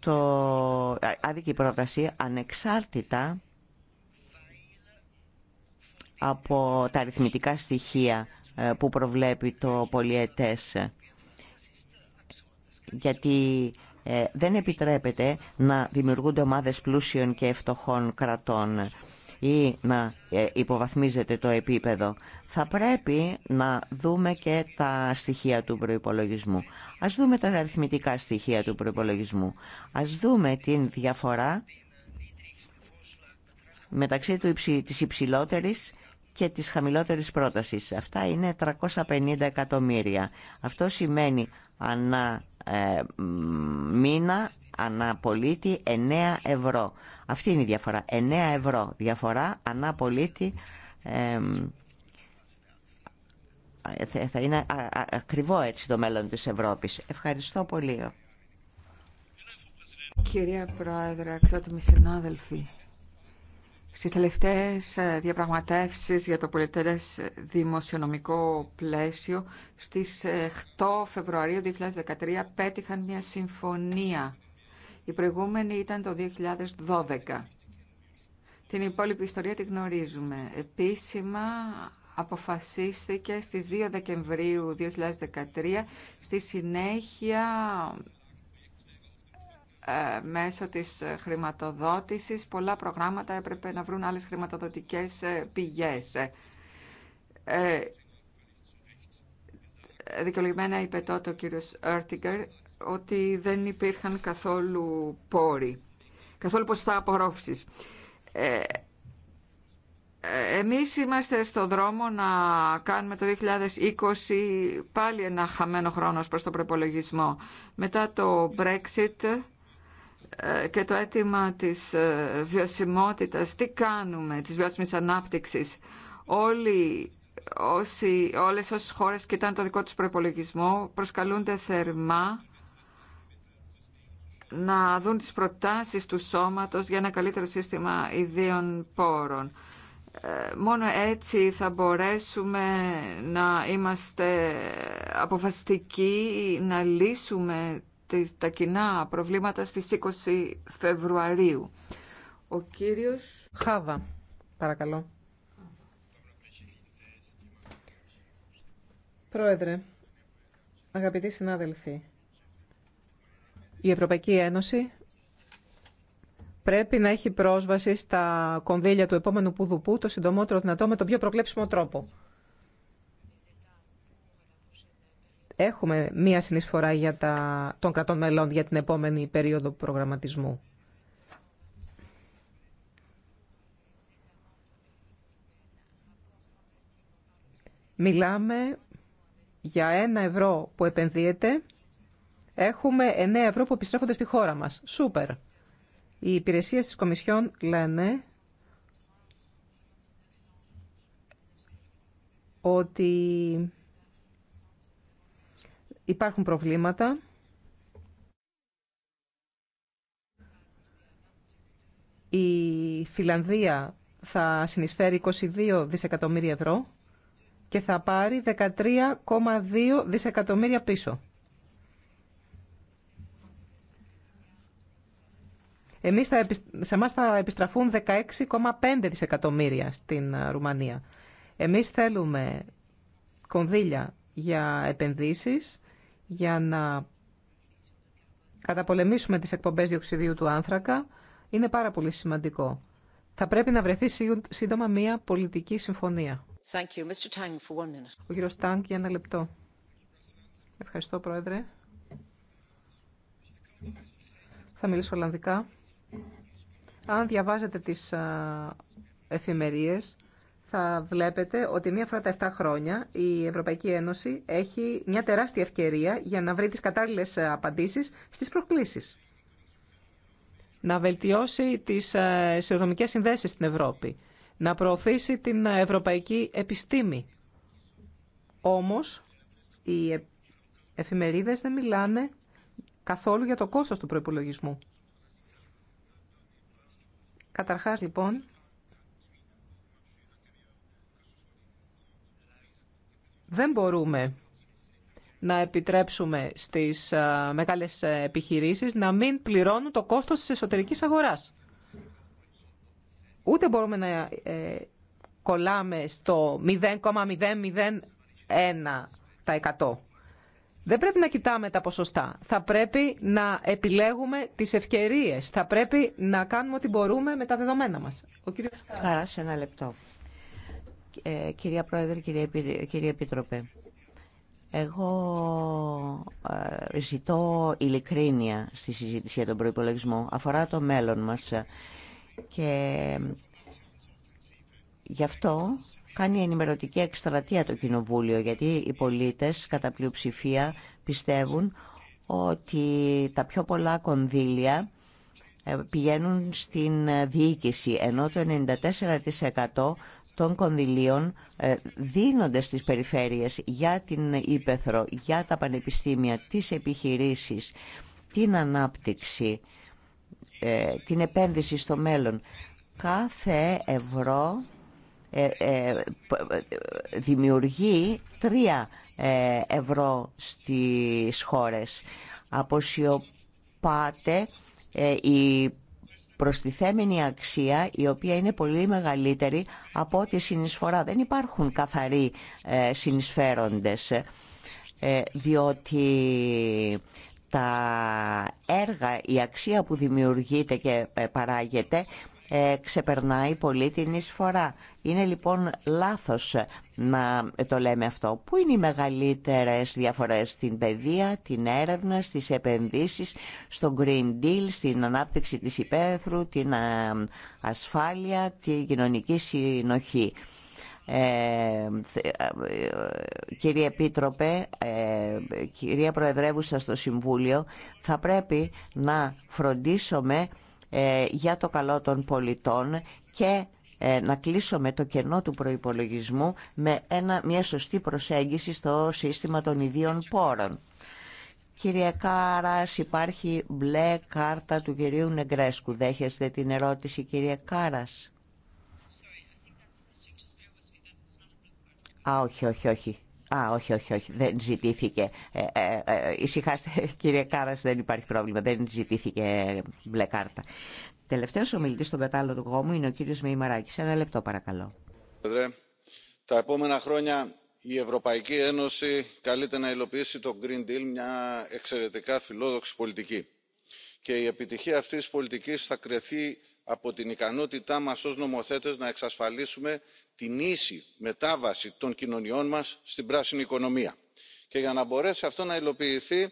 το άδικη πρόταση ανεξάρτητα από τα αριθμητικά στοιχεία ε, που προβλέπει το πολιετές. Γιατί ε, δεν επιτρέπεται να δημιουργούνται ομάδες πλούσιων και φτωχών κρατών ή να ε, υποβαθμίζεται το επίπεδο. Θα πρέπει να δούμε και τα στοιχεία του προϋπολογισμού. Ας δούμε τα αριθμητικά στοιχεία του προϋπολογισμού. Ας δούμε την διαφορά μεταξύ του υψη, της υψηλότερης και της χαμηλότερης πρότασης. Αυτά είναι 350 εκατομμύρια. Αυτό σημαίνει ανά ε, μήνα, ανά πολίτη, 9 ευρώ. Αυτή είναι η διαφορά. 9 ευρώ διαφορά ανά πολίτη θα είναι ακριβό έτσι το μέλλον της Ευρώπης. Ευχαριστώ πολύ. Κυρία Πρόεδρε, εξότιμοι συνάδελφοι, στις τελευταίες ε, διαπραγματεύσεις για το πολιτερές δημοσιονομικό πλαίσιο στις 8 ε, Φεβρουαρίου 2013 πέτυχαν μια συμφωνία η προηγούμενη ήταν το 2012. Την υπόλοιπη ιστορία την γνωρίζουμε. Επίσημα αποφασίστηκε στις 2 Δεκεμβρίου 2013 στη συνέχεια ε, μέσω της χρηματοδότησης πολλά προγράμματα έπρεπε να βρουν άλλες χρηματοδοτικές ε, πηγές. Ε, δικαιολογημένα είπε τότε ο κύριος Ερτιγκερ ότι δεν υπήρχαν καθόλου πόροι, καθόλου ποστά απορρόφησης. Ε, ε, εμείς είμαστε στο δρόμο να κάνουμε το 2020 πάλι ένα χαμένο χρόνο προς τον προπολογισμό. Μετά το Brexit ε, και το αίτημα της ε, βιωσιμότητας, τι κάνουμε, της βιώσιμης ανάπτυξης. Όλοι όσοι, όλες όσες χώρες κοιτάνε το δικό τους προπολογισμό προσκαλούνται θερμά να δουν τις προτάσεις του σώματος για ένα καλύτερο σύστημα ιδίων πόρων. Ε, μόνο έτσι θα μπορέσουμε να είμαστε αποφασιστικοί να λύσουμε τα κοινά προβλήματα στις 20 Φεβρουαρίου. Ο κύριος... Χάβα, παρακαλώ. Πρόεδρε, αγαπητοί συνάδελφοι, η Ευρωπαϊκή Ένωση πρέπει να έχει πρόσβαση στα κονδύλια του επόμενου πουδουπού το συντομότερο δυνατό με τον πιο προκλέψιμο τρόπο. Έχουμε μία συνεισφορά για τα, των κρατών μελών για την επόμενη περίοδο προγραμματισμού. Μιλάμε για ένα ευρώ που επενδύεται έχουμε 9 ευρώ που επιστρέφονται στη χώρα μας. Σούπερ. Οι υπηρεσίες της Κομισιόν λένε ότι υπάρχουν προβλήματα. Η Φιλανδία θα συνεισφέρει 22 δισεκατομμύρια ευρώ και θα πάρει 13,2 δισεκατομμύρια πίσω. Εμείς θα, σε εμάς θα επιστραφούν 16,5 δισεκατομμύρια στην Ρουμανία. Εμείς θέλουμε κονδύλια για επενδύσεις, για να καταπολεμήσουμε τις εκπομπές διοξιδίου του άνθρακα. Είναι πάρα πολύ σημαντικό. Θα πρέπει να βρεθεί σύντομα μια πολιτική συμφωνία. Thank you. Mr. Tang, for one minute. Ο κύριος Τάγκ για ένα λεπτό. Ευχαριστώ, Πρόεδρε. Θα μιλήσω Ολλανδικά. Αν διαβάζετε τις εφημερίες, θα βλέπετε ότι μία φορά τα 7 χρόνια η Ευρωπαϊκή Ένωση έχει μια τεράστια ευκαιρία για να βρει τις κατάλληλες απαντήσεις στις προκλήσεις. Να βελτιώσει τις ισοδομικές συνδέσεις στην Ευρώπη. Να προωθήσει την ευρωπαϊκή επιστήμη. Όμως, οι εφημερίδες δεν μιλάνε καθόλου για το κόστος του προϋπολογισμού. Καταρχάς λοιπόν, δεν μπορούμε να επιτρέψουμε στις ε, μεγάλες ε, επιχειρήσεις να μην πληρώνουν το κόστος της εσωτερικής αγοράς. Ούτε μπορούμε να ε, κολλάμε στο 0,001% δεν πρέπει να κοιτάμε τα ποσοστά. Θα πρέπει να επιλέγουμε τις ευκαιρίες. Θα πρέπει να κάνουμε ό,τι μπορούμε με τα δεδομένα μας. Ο κύριος Χαρά, σε ένα λεπτό. Ε, κυρία Πρόεδρε, κύριε, Επίτροπε, εγώ ε, ζητώ ειλικρίνεια στη συζήτηση για τον προϋπολογισμό. Αφορά το μέλλον μας και Γι' αυτό κάνει ενημερωτική εκστρατεία το Κοινοβούλιο, γιατί οι πολίτες κατά πλειοψηφία πιστεύουν ότι τα πιο πολλά κονδύλια ε, πηγαίνουν στην διοίκηση, ενώ το 94% των κονδυλίων ε, δίνονται στις περιφέρειες για την Ήπεθρο, για τα πανεπιστήμια, τις επιχειρήσεις, την ανάπτυξη, ε, την επένδυση στο μέλλον. Κάθε ευρώ ε, ε, ε, δημιουργεί 3 ευρώ στις χώρες. Αποσιωπάται η προστιθέμενη αξία η οποία είναι πολύ μεγαλύτερη από ό,τι συνεισφορά. Δεν υπάρχουν καθαροί συνεισφέροντες διότι τα έργα, η αξία που δημιουργείται και παράγεται ε, ξεπερνάει πολύ την εισφορά. Είναι λοιπόν λάθος να το λέμε αυτό. Πού είναι οι μεγαλύτερες διαφορές στην παιδεία, την έρευνα, στις επενδύσεις, στο Green Deal, στην ανάπτυξη της υπαίθρου, την ασφάλεια, την κοινωνική συνοχή. Ε, ε, ε κύριε Επίτροπε, κυρία Προεδρεύουσα στο Συμβούλιο, θα πρέπει να φροντίσουμε ε, για το καλό των πολιτών και ε, να κλείσουμε το κενό του προϋπολογισμού με ένα, μια σωστή προσέγγιση στο σύστημα των ιδίων πόρων. Κύριε Κάρας, υπάρχει μπλε κάρτα του κυρίου Νεγκρέσκου. Δέχεστε την ερώτηση, κύριε Κάρας. Α, όχι, όχι, όχι. Α, όχι, όχι, όχι, δεν ζητήθηκε. Ε, ε, ε, κύριε Κάρα, δεν υπάρχει πρόβλημα, δεν ζητήθηκε ε, μπλε κάρτα. Τελευταίος ομιλητή στον του μου είναι ο κύριος Μεϊμαράκης. Ένα λεπτό, παρακαλώ. Τα επόμενα χρόνια η Ευρωπαϊκή Ένωση καλείται να υλοποιήσει το Green Deal, μια εξαιρετικά φιλόδοξη πολιτική. Και η επιτυχία αυτής της πολιτικής θα κρεθεί από την ικανότητά μας ως νομοθέτες να εξασφαλίσουμε την ίση μετάβαση των κοινωνιών μας στην πράσινη οικονομία και για να μπορέσει αυτό να υλοποιηθεί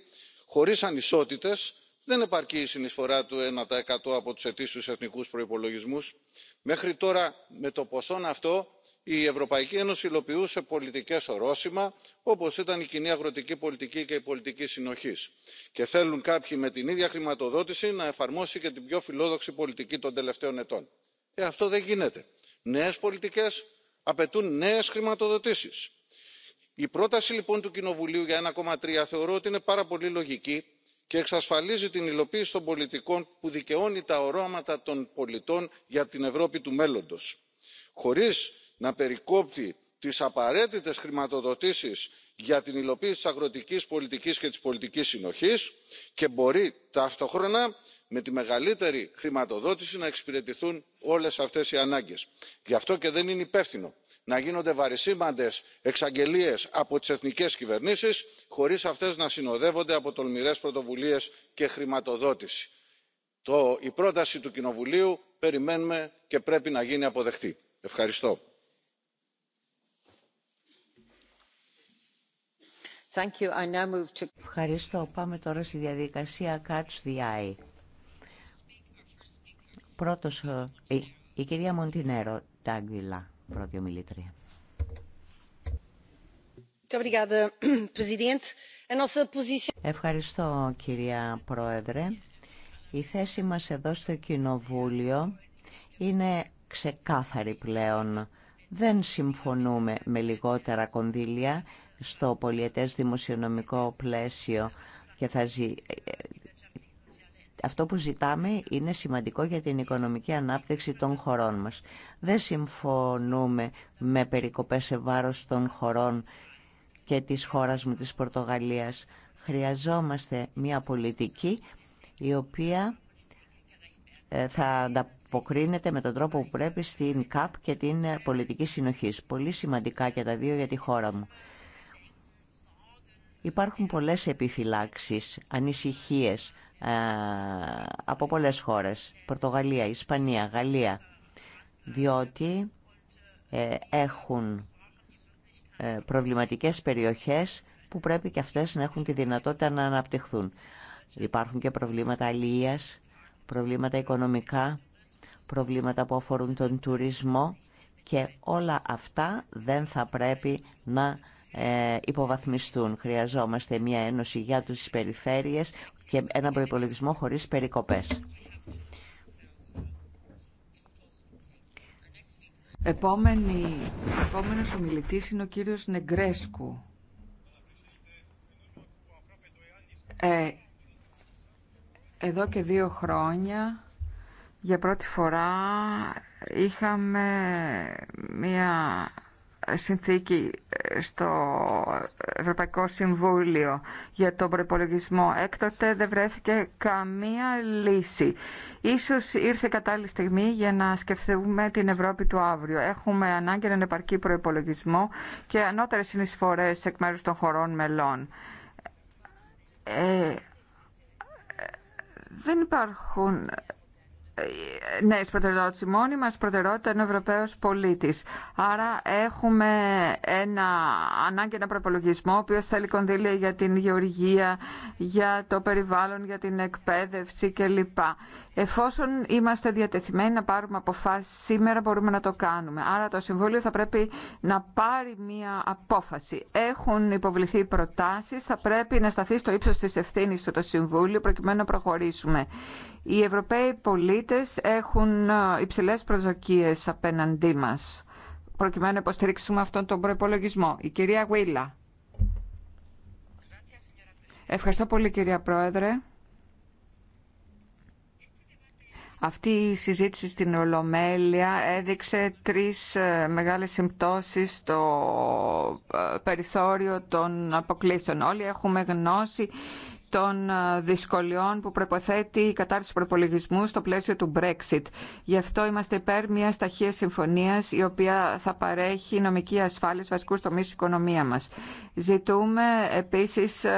χωρίς ανισότητες δεν επαρκεί η συνεισφορά του 1% από τους ετήσιους εθνικούς προϋπολογισμούς. μέχρι τώρα με το ποσό αυτό η ευρωπαϊκή ένωση υλοποιούσε πολιτικές ορόσημα όπως ήταν η κοινή αγροτική πολιτική και η πολιτική συνοχής. και θέλουν κάποιοι με την ίδια χρηματοδότηση να εφαρμόσει και την πιο φιλόδοξη πολιτική των τελευταίων ετών. ε αυτό δεν γίνεται. νέες πολιτικές απαιτούν νέες χρηματοδοτήσεις. η πρόταση λοιπόν του κοινοβουλίου για ένα τρία θεωρώ ότι είναι πάρα πολύ λογική και εξασφαλίζει την υλοποίηση των πολιτικών που δικαιώνει τα οράματα των πολιτών για την ευρώπη του μέλλοντος. χωρίς να περικόπτει τις απαραίτητες χρηματοδοτήσεις για την υλοποίηση της αγροτικής πολιτικής και της πολιτικής συνοχής και μπορεί ταυτόχρονα με τη μεγαλύτερη χρηματοδότηση να εξυπηρετηθούν όλες αυτές οι ανάγκες. γι' αυτό και δεν είναι υπεύθυνο να γίνονται βαρισίμαντες εξαγγελίες από τις εθνικές κυβερνήσεις χωρίς αυτές να συνοδεύονται από τολμηρές πρωτοβουλίες και χρηματοδότηση. η πρόταση του κοινοβουλίου περιμένουμε και πρέπει να γίνει αποδεκτή. ευχαριστώ. Ευχαριστώ. Πάμε τώρα στη διαδικασία Catch the Eye. Πρώτος, ε, η, κυρία Μοντινέρο Τάγκυλα, πρώτη ομιλήτρια. Ευχαριστώ κυρία Πρόεδρε. Η θέση μας εδώ στο Κοινοβούλιο είναι ξεκάθαρη πλέον. Δεν συμφωνούμε με λιγότερα κονδύλια, στο πολιετές δημοσιονομικό πλαίσιο και θα Αυτό που ζητάμε είναι σημαντικό για την οικονομική ανάπτυξη των χωρών μας. Δεν συμφωνούμε με περικοπές σε βάρος των χωρών και της χώρας μου της Πορτογαλίας. Χρειαζόμαστε μια πολιτική η οποία ε, θα ανταποκρίνεται με τον τρόπο που πρέπει στην ΚΑΠ και την πολιτική συνοχής. Πολύ σημαντικά και τα δύο για τη χώρα μου. Υπάρχουν πολλές επιφυλάξεις, ανησυχίες ε, από πολλές χώρες, Πορτογαλία, Ισπανία, Γαλλία, διότι ε, έχουν ε, προβληματικές περιοχές που πρέπει και αυτές να έχουν τη δυνατότητα να αναπτυχθούν. Υπάρχουν και προβλήματα αλληλείας, προβλήματα οικονομικά, προβλήματα που αφορούν τον τουρισμό και όλα αυτά δεν θα πρέπει να ε, υποβαθμιστούν. Χρειαζόμαστε μια ένωση για τους περιφέρειες και ένα προϋπολογισμό χωρίς περικοπές. Επόμενη, επόμενος ομιλητής είναι ο κύριος Νεγκρέσκου. Ε, εδώ και δύο χρόνια για πρώτη φορά είχαμε μια συνθήκη ε, στο Ευρωπαϊκό Συμβούλιο για τον προπολογισμό. Έκτοτε δεν βρέθηκε καμία λύση. Ίσως ήρθε κατάλληλη στιγμή για να σκεφτούμε την Ευρώπη του αύριο. Έχουμε ανάγκη έναν επαρκή προπολογισμό και ανώτερε συνεισφορέ εκ μέρου των χωρών μελών. Ε, ε δεν υπάρχουν ναι, προτεραιότητες. Η μόνη μας προτεραιότητα είναι ο Ευρωπαίος πολίτης. Άρα έχουμε ένα ανάγκη ένα προπολογισμό ο οποίος θέλει κονδύλια για την γεωργία, για το περιβάλλον, για την εκπαίδευση κλπ. Εφόσον είμαστε διατεθειμένοι να πάρουμε αποφάσεις σήμερα μπορούμε να το κάνουμε. Άρα το Συμβούλιο θα πρέπει να πάρει μία απόφαση. Έχουν υποβληθεί προτάσεις, θα πρέπει να σταθεί στο ύψος της ευθύνης του το Συμβούλιο προκειμένου να προχωρήσουμε. Οι Ευρωπαίοι πολίτες πολίτες έχουν ε, υψηλές προσδοκίες απέναντί μας προκειμένου να υποστηρίξουμε αυτόν τον προϋπολογισμό. Η κυρία Γουίλα. Ευχαριστώ πολύ κυρία Πρόεδρε. Αυτή η συζήτηση στην Ολομέλεια έδειξε τρεις ε, μεγάλες συμπτώσεις στο ε, περιθώριο των αποκλήσεων. Όλοι έχουμε γνώση των ε, δυσκολιών που προποθέτει η κατάρτιση του προπολογισμού στο πλαίσιο του Brexit. Γι' αυτό είμαστε υπέρ μια ταχεία συμφωνία η οποία θα παρέχει νομική ασφάλεια στου βασικού τομεί τη οικονομία μα. Ζητούμε επίση ε,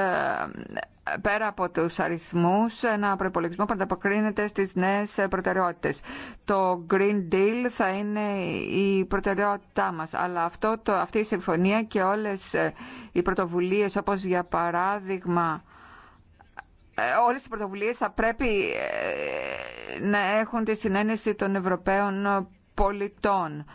πέρα από τους αριθμούς, ένα προπολογισμό που ανταποκρίνεται στις νέες προτεραιότητες. Το Green Deal θα είναι η προτεραιότητά μας, αλλά αυτό, αυτή η συμφωνία και όλες ε, οι πρωτοβουλίες, όπως για παράδειγμα ε, όλες οι πρωτοβουλίες θα πρέπει ε, να έχουν τη συνένεση των Ευρωπαίων πολιτών.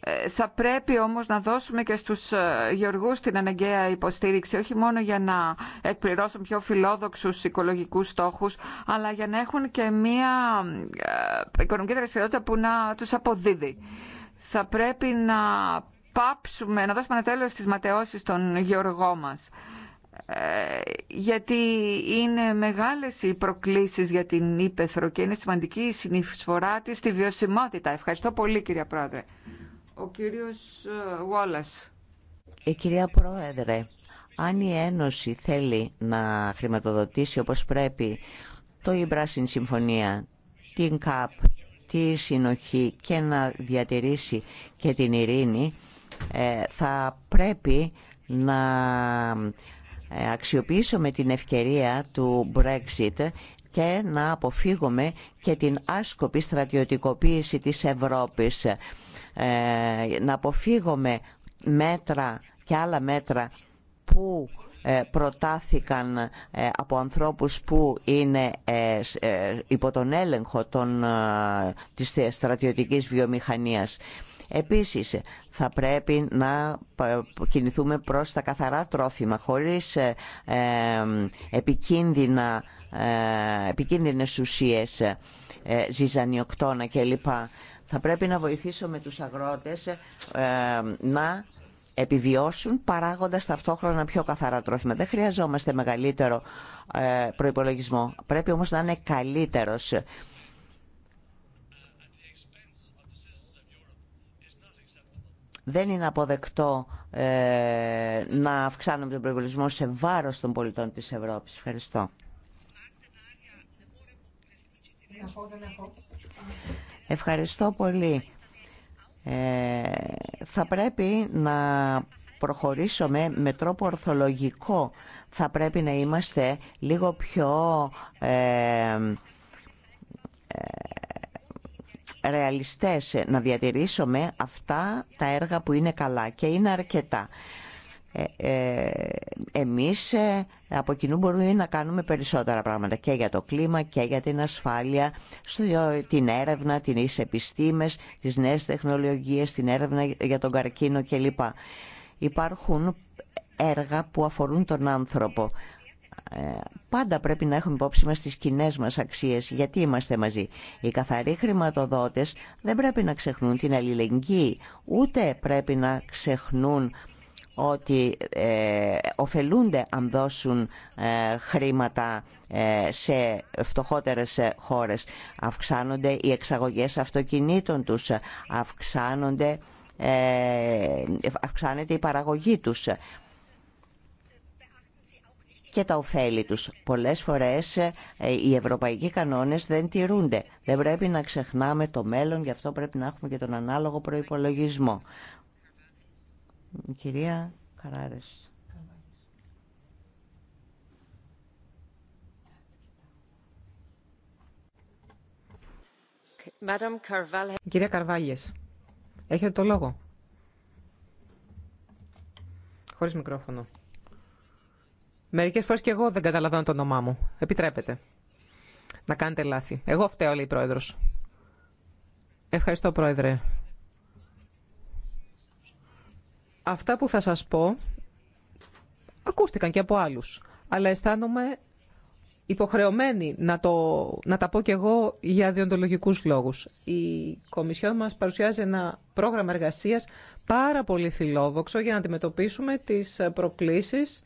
Ε, θα πρέπει όμως να δώσουμε και στους γεωργούς την αναγκαία υποστήριξη, όχι μόνο για να εκπληρώσουν πιο φιλόδοξους οικολογικούς στόχους, αλλά για να έχουν και μια οικονομική δραστηριότητα που να τους αποδίδει. Θα πρέπει να πάψουμε, να δώσουμε ένα τέλος στις ματαιώσεις των γεωργών μας. Ε, γιατί είναι μεγάλες οι προκλήσεις για την Ήπεθρο και είναι σημαντική η συνεισφορά της στη βιωσιμότητα. Ευχαριστώ πολύ κυρία Πρόεδρε. Ο κύριος Γόλας. Ε, ε, κυρία Πρόεδρε, αν η Ένωση θέλει να χρηματοδοτήσει όπως πρέπει το Ιμπράσιν Συμφωνία, την ΚΑΠ, τη συνοχή και να διατηρήσει και την ειρήνη, θα πρέπει να ε, αξιοποιήσουμε την ευκαιρία του Brexit και να αποφύγουμε και την άσκοπη στρατιωτικοποίηση της Ευρώπης. Ε, να αποφύγουμε μέτρα και άλλα μέτρα που ε, προτάθηκαν από ανθρώπους που είναι υπό τον έλεγχο των, της στρατιωτικής βιομηχανίας. Επίσης, θα πρέπει να κινηθούμε προς τα καθαρά τρόφιμα, χωρίς ε, ε, επικίνδυνα, ε, επικίνδυνες ουσίες, ζυζανιοκτώνα κλπ. Θα πρέπει να βοηθήσουμε τους αγρότες να επιβιώσουν παράγοντας ταυτόχρονα πιο καθαρά τρόφιμα. Δεν χρειαζόμαστε μεγαλύτερο προϋπολογισμό. Πρέπει όμως να είναι καλύτερος. Δεν είναι αποδεκτό ε, να αυξάνουμε τον προϋπολογισμό σε βάρος των πολιτών της Ευρώπης. Ευχαριστώ. Ευχαριστώ πολύ. Ε, θα πρέπει να προχωρήσουμε με τρόπο ορθολογικό. Θα πρέπει να είμαστε λίγο πιο... Ε, ε ρεαλιστές ε, να διατηρήσουμε αυτά τα έργα που είναι καλά και είναι αρκετά. Ε, ε, εμείς από κοινού μπορούμε να κάνουμε περισσότερα πράγματα και για το κλίμα και για την ασφάλεια, την έρευνα, τις επιστήμες, τις νέες τεχνολογίες, την έρευνα για τον καρκίνο κλπ. Υπάρχουν έργα που αφορούν τον άνθρωπο ε, πάντα πρέπει να έχουμε υπόψη μας τις κοινέ μας αξίες, γιατί είμαστε μαζί. Οι καθαροί χρηματοδότες δεν πρέπει να ξεχνούν την αλληλεγγύη, ούτε πρέπει να ξεχνούν ότι ε, ωφελούνται αν δώσουν ε, χρήματα ε, σε φτωχότερες χώρες. Αυξάνονται οι εξαγωγές αυτοκινήτων τους, αυξάνονται, αυξάνεται η παραγωγή τους και τα ωφέλη τους. Πολλές φορές ε, οι ευρωπαϊκοί κανόνες δεν τηρούνται. Δεν πρέπει να ξεχνάμε το μέλλον, γι' αυτό πρέπει να έχουμε και τον ανάλογο προϋπολογισμό. κυρία Καράρες. κυρία Καρβάλιες, έχετε το λόγο. Χωρίς μικρόφωνο. Μερικέ φορέ και εγώ δεν καταλαβαίνω το όνομά μου. Επιτρέπετε να κάνετε λάθη. Εγώ φταίω, λέει η Πρόεδρος. Ευχαριστώ, Πρόεδρε. Αυτά που θα σας πω ακούστηκαν και από άλλους, αλλά αισθάνομαι υποχρεωμένη να, το, να τα πω και εγώ για διοντολογικούς λόγους. Η Κομισιόν μας παρουσιάζει ένα πρόγραμμα εργασίας πάρα πολύ φιλόδοξο για να αντιμετωπίσουμε τις προκλήσεις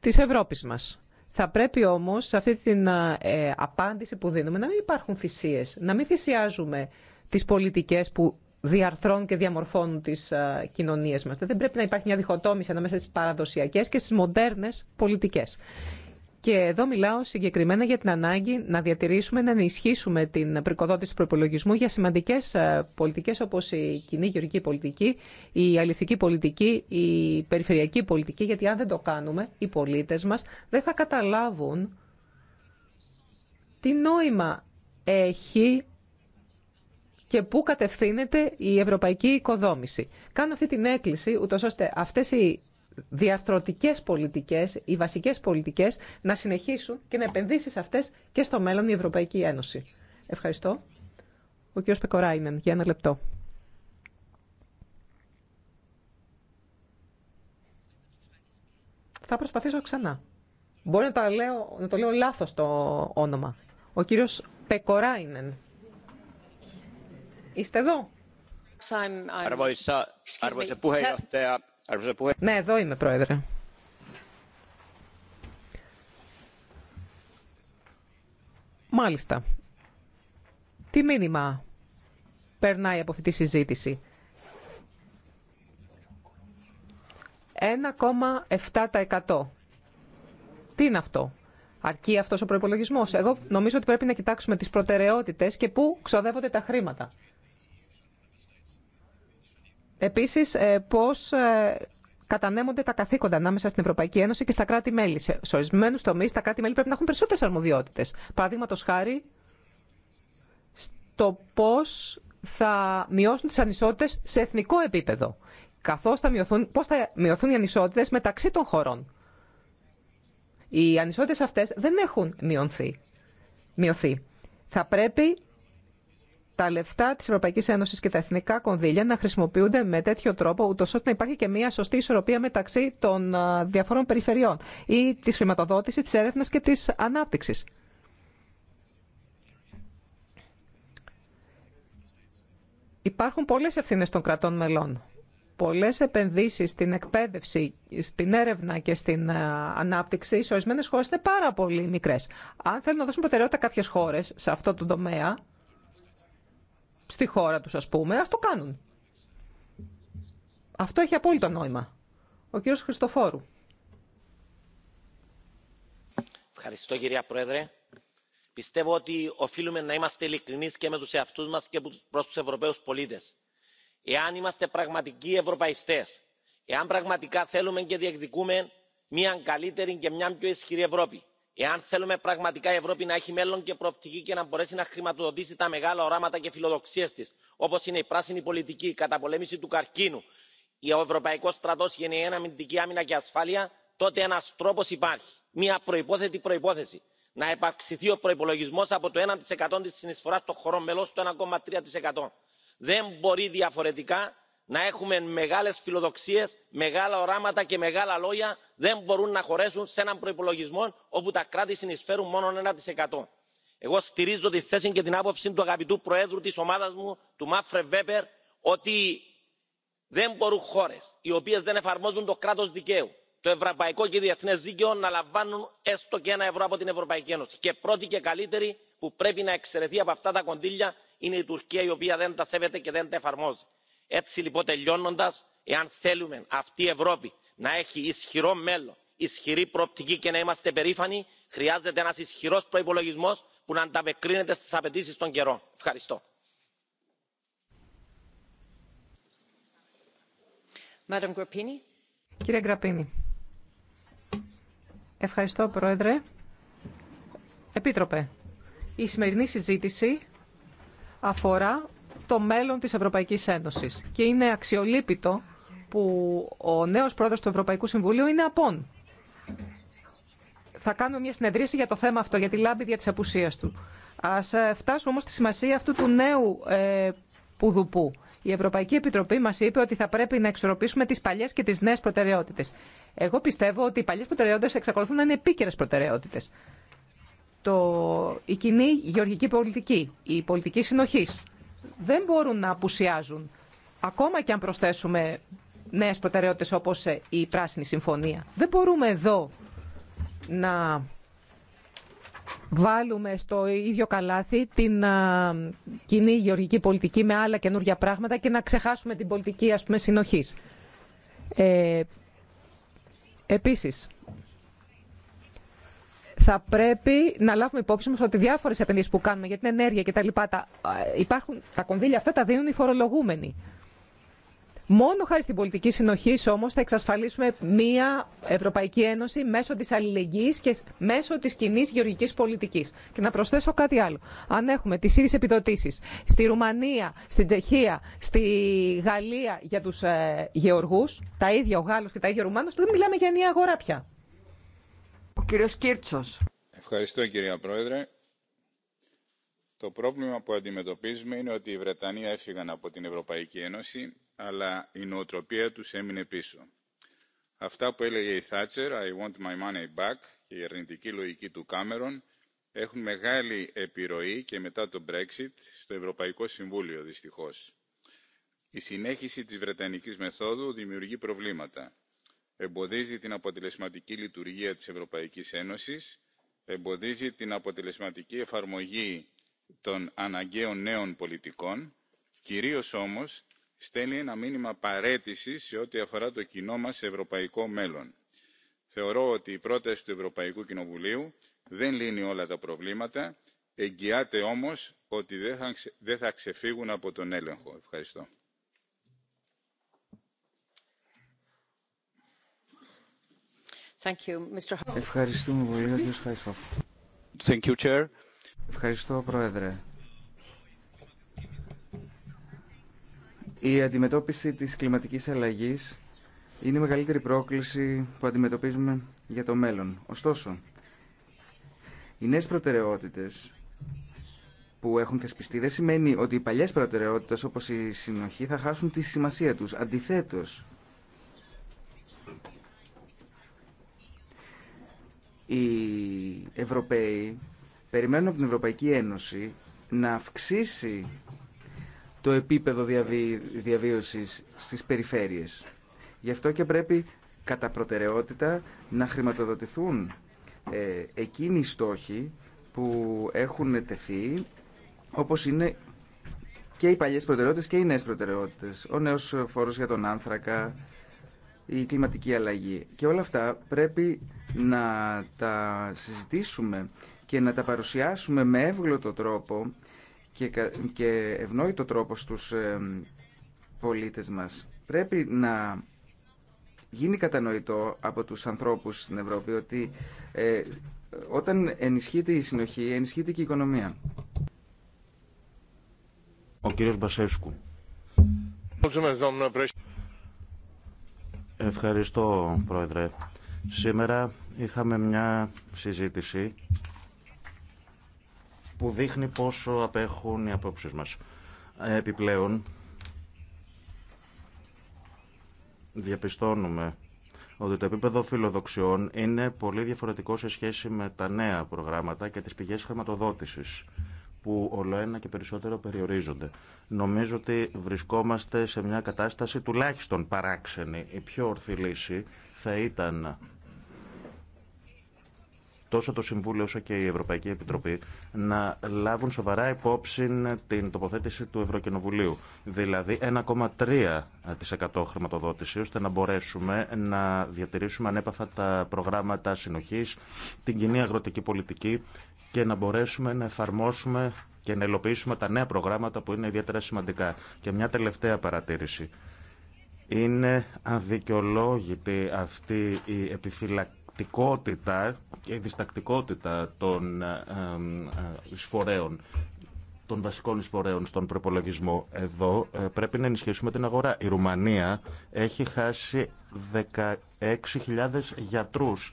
της Ευρώπης μας. Θα πρέπει όμως σε αυτή την ε, ε, απάντηση που δίνουμε να μην υπάρχουν θυσίες, να μην θυσιάζουμε τις πολιτικές που διαρθρώνουν και διαμορφώνουν τις ε, κοινωνίες μας. Δεν πρέπει να υπάρχει μια διχοτόμηση ανάμεσα στις παραδοσιακές και στις μοντέρνες πολιτικές. Και εδώ μιλάω συγκεκριμένα για την ανάγκη να διατηρήσουμε, να ενισχύσουμε την πρικοδότηση του προπολογισμού για σημαντικέ ε, πολιτικέ όπω η κοινή γεωργική πολιτική, η αληθική πολιτική, η περιφερειακή πολιτική. Γιατί αν δεν το κάνουμε, οι πολίτε μα δεν θα καταλάβουν τι νόημα έχει και πού κατευθύνεται η ευρωπαϊκή οικοδόμηση. Κάνω αυτή την έκκληση, ούτως ώστε αυτέ οι διαρθρωτικές πολιτικές, οι βασικές πολιτικές, να συνεχίσουν και να επενδύσει σε αυτές και στο μέλλον η Ευρωπαϊκή Ένωση. Ευχαριστώ. Ο κ. Πεκοράινεν, για ένα λεπτό. Θα προσπαθήσω ξανά. Μπορεί να, το λέω, να το λέω λάθος το όνομα. Ο κύριος Πεκοράινεν. Είστε εδώ. Arvoisa, arvoisa puheenjohtaja, ναι, εδώ είμαι, Πρόεδρε. Μάλιστα. Τι μήνυμα περνάει από αυτή τη συζήτηση. 1,7%. Τι είναι αυτό. Αρκεί αυτός ο προϋπολογισμός. Εγώ νομίζω ότι πρέπει να κοιτάξουμε τις προτεραιότητες και πού ξοδεύονται τα χρήματα. Επίσης, ε, πώς ε, κατανέμονται τα καθήκοντα ανάμεσα στην Ευρωπαϊκή Ένωση και στα κράτη-μέλη. Σε ορισμένου τομεί, τα κράτη-μέλη πρέπει να έχουν περισσότερε αρμοδιότητε. Παραδείγματο χάρη, στο πώ θα μειώσουν τι ανισότητε σε εθνικό επίπεδο. Καθώ θα μειωθούν, πώ θα μειωθούν οι ανισότητε μεταξύ των χωρών. Οι ανισότητε αυτέ δεν έχουν μειωθεί. μειωθεί. Θα πρέπει τα λεφτά τη Ευρωπαϊκή Ένωση και τα εθνικά κονδύλια να χρησιμοποιούνται με τέτοιο τρόπο, ούτω ώστε να υπάρχει και μια σωστή ισορροπία μεταξύ των διαφορών περιφερειών ή τη χρηματοδότηση, τη έρευνα και τη ανάπτυξη. Υπάρχουν πολλές ευθύνες των κρατών μελών. Πολλές επενδύσεις στην εκπαίδευση, στην έρευνα και στην ανάπτυξη σε ορισμένε χώρες είναι πάρα πολύ μικρές. Αν θέλουν να δώσουν προτεραιότητα κάποιε χώρες σε αυτό το τομέα, στη χώρα τους ας πούμε, ας το κάνουν. Αυτό έχει απόλυτο νόημα. Ο κύριος Χριστοφόρου. Ευχαριστώ κυρία Πρόεδρε. Πιστεύω ότι οφείλουμε να είμαστε ειλικρινεί και με τους εαυτούς μας και προς τους Ευρωπαίους πολίτες. Εάν είμαστε πραγματικοί ευρωπαϊστές, εάν πραγματικά θέλουμε και διεκδικούμε μια καλύτερη και μια πιο ισχυρή Ευρώπη, εάν θέλουμε πραγματικά η ευρώπη να έχει μέλλον και προοπτική και να μπορέσει να χρηματοδοτήσει τα μεγάλα οράματα και φιλοδοξίε τη όπω είναι η πράσινη πολιτική η καταπολέμηση του καρκίνου ο ευρωπαϊκό στρατό η γενιαία αμυντική άμυνα και ασφάλεια τότε ένα τρόπο υπάρχει μια προπόθετη προπόθεση να επαυξηθεί ο προπολογισμό από το 1 τη συνεισφορά των χωρών μελών στο 1,3 δεν μπορεί διαφορετικά να έχουμε μεγάλες φιλοδοξίες μεγάλα οράματα και μεγάλα λόγια δεν μπορούν να χωρέσουν σε έναν προπολογισμό όπου τα κράτη συνεισφέρουν μόνο ένα εγώ στηρίζω τη θέση και την άποψη του αγαπητού προέδρου της ομάδας μου του Μάφρε Βέπερ ότι δεν μπορούν χώρες οι οποίες δεν εφαρμόζουν το κράτος δικαίου το ευρωπαϊκό και διεθνέ δίκαιο να λαμβάνουν έστω και ένα ευρώ από την Ευρωπαϊκή Ένωση. Και πρώτη και καλύτερη που πρέπει να εξαιρεθεί από αυτά τα κονδύλια είναι η Τουρκία η οποία δεν τα σέβεται και δεν τα εφαρμόζει έτσι λοιπόν τελειώνοντα εάν θέλουμε αυτή η ευρώπη να έχει ισχυρό μέλλον ισχυρή προοπτική και να είμαστε περήφανοι χρειάζεται ένα ισχυρός προϋπολογισμός που να ανταπεκρίνεται στις απαιτήσεις των καιρών. ευχαριστώ. Κύριε Γκραπίνη, ευχαριστώ Πρόεδρε. Επίτροπε, η σημερινή συζήτηση αφορά το μέλλον της Ευρωπαϊκής Ένωσης. Και είναι αξιολύπητο που ο νέος πρόεδρος του Ευρωπαϊκού Συμβουλίου είναι απόν. Θα κάνουμε μια συνεδρίαση για το θέμα αυτό, για τη λάμπη δια της απουσίας του. Ας ε, φτάσουμε όμως στη σημασία αυτού του νέου ε, πουδουπού. Η Ευρωπαϊκή Επιτροπή μα είπε ότι θα πρέπει να εξορροπήσουμε τι παλιέ και τι νέε προτεραιότητε. Εγώ πιστεύω ότι οι παλιέ προτεραιότητε εξακολουθούν να είναι επίκαιρε προτεραιότητε. Το... Η κοινή γεωργική πολιτική, η πολιτική συνοχή, δεν μπορούν να απουσιάζουν, ακόμα και αν προσθέσουμε νέες προτεραιότητες όπως ε, η Πράσινη Συμφωνία. Δεν μπορούμε εδώ να βάλουμε στο ίδιο καλάθι την ε, κοινή γεωργική πολιτική με άλλα καινούργια πράγματα και να ξεχάσουμε την πολιτική ας πούμε συνοχής. Ε, επίσης, θα πρέπει να λάβουμε υπόψη μας ότι διάφορε επενδύσει που κάνουμε για την ενέργεια και τα λοιπά, τα, υπάρχουν, τα κονδύλια αυτά τα δίνουν οι φορολογούμενοι. Μόνο χάρη στην πολιτική συνοχή όμω θα εξασφαλίσουμε μία Ευρωπαϊκή Ένωση μέσω τη αλληλεγγύη και μέσω τη κοινή γεωργική πολιτική. Και να προσθέσω κάτι άλλο. Αν έχουμε τι ίδιε επιδοτήσει στη Ρουμανία, στην Τσεχία, στη Γαλλία για του ε, γεωργού, τα ίδια ο Γάλλο και τα ίδια ο Ρουμάνο, δεν μιλάμε για ενιαία αγορά πια. Ο κύριος Ευχαριστώ κυρία Πρόεδρε. Το πρόβλημα που αντιμετωπίζουμε είναι ότι οι Βρετανοί έφυγαν από την Ευρωπαϊκή Ένωση, αλλά η νοοτροπία τους έμεινε πίσω. Αυτά που έλεγε η Θάτσερ, I want my money back, και η αρνητική λογική του Κάμερον, έχουν μεγάλη επιρροή και μετά το Brexit στο Ευρωπαϊκό Συμβούλιο, δυστυχώς. Η συνέχιση της Βρετανικής μεθόδου δημιουργεί προβλήματα εμποδίζει την αποτελεσματική λειτουργία της ευρωπαϊκής ένωσης εμποδίζει την αποτελεσματική εφαρμογή των αναγκαίων νέων πολιτικών κυρίως όμως στέλνει ένα μήνυμα παρέτησης σε ό,τι αφορά το κοινό μας ευρωπαϊκό μέλλον. θεωρώ ότι η πρόταση του ευρωπαϊκού κοινοβουλίου δεν λύνει όλα τα προβλήματα εγγυάται όμως ότι δεν θα ξεφύγουν από τον έλεγχο. ευχαριστώ. Ευχαριστούμε πολύ, Ευχαριστώ, Πρόεδρε. Η αντιμετώπιση της κλιματικής αλλαγής είναι η μεγαλύτερη πρόκληση που αντιμετωπίζουμε για το μέλλον. Ωστόσο, οι νέες προτεραιότητες που έχουν θεσπιστεί δεν σημαίνει ότι οι παλιές προτεραιότητες όπως η συνοχή θα χάσουν τη σημασία τους. Αντιθέτως, οι Ευρωπαίοι περιμένουν από την Ευρωπαϊκή Ένωση να αυξήσει το επίπεδο διαβίωσης στις περιφέρειες. Γι' αυτό και πρέπει κατά προτεραιότητα να χρηματοδοτηθούν ε, εκείνοι οι στόχοι που έχουν τεθεί, όπως είναι και οι παλιές προτεραιότητες και οι νέες προτεραιότητες. Ο νέος φόρος για τον άνθρακα, η κλιματική αλλαγή. Και όλα αυτά πρέπει να τα συζητήσουμε και να τα παρουσιάσουμε με εύγλωτο τρόπο και ευνόητο τρόπο στους ε, πολίτες μας. Πρέπει να γίνει κατανοητό από τους ανθρώπους στην Ευρώπη ότι ε, όταν ενισχύεται η συνοχή, ενισχύεται και η οικονομία. Ο κύριος Μπασέσκου. Ευχαριστώ, Πρόεδρε. Σήμερα είχαμε μια συζήτηση που δείχνει πόσο απέχουν οι απόψεις μας. Επιπλέον, διαπιστώνουμε ότι το επίπεδο φιλοδοξιών είναι πολύ διαφορετικό σε σχέση με τα νέα προγράμματα και τις πηγές χρηματοδότησης που όλο ένα και περισσότερο περιορίζονται. Νομίζω ότι βρισκόμαστε σε μια κατάσταση τουλάχιστον παράξενη. Η πιο ορθή λύση θα ήταν τόσο το Συμβούλιο όσο και η Ευρωπαϊκή Επιτροπή να λάβουν σοβαρά υπόψη την τοποθέτηση του Ευρωκοινοβουλίου. Δηλαδή 1,3% χρηματοδότηση ώστε να μπορέσουμε να διατηρήσουμε ανέπαθα τα προγράμματα συνοχής, την κοινή αγροτική πολιτική και να μπορέσουμε να εφαρμόσουμε και να ελοπίσουμε τα νέα προγράμματα που είναι ιδιαίτερα σημαντικά. Και μια τελευταία παρατήρηση. Είναι αδικαιολόγητη αυτή η επιφυλακτικότητα και η διστακτικότητα των ε, εισφορέων των βασικών εισφορέων στον προπολογισμό εδώ ε, πρέπει να ενισχύσουμε την αγορά. Η Ρουμανία έχει χάσει 16.000 γιατρούς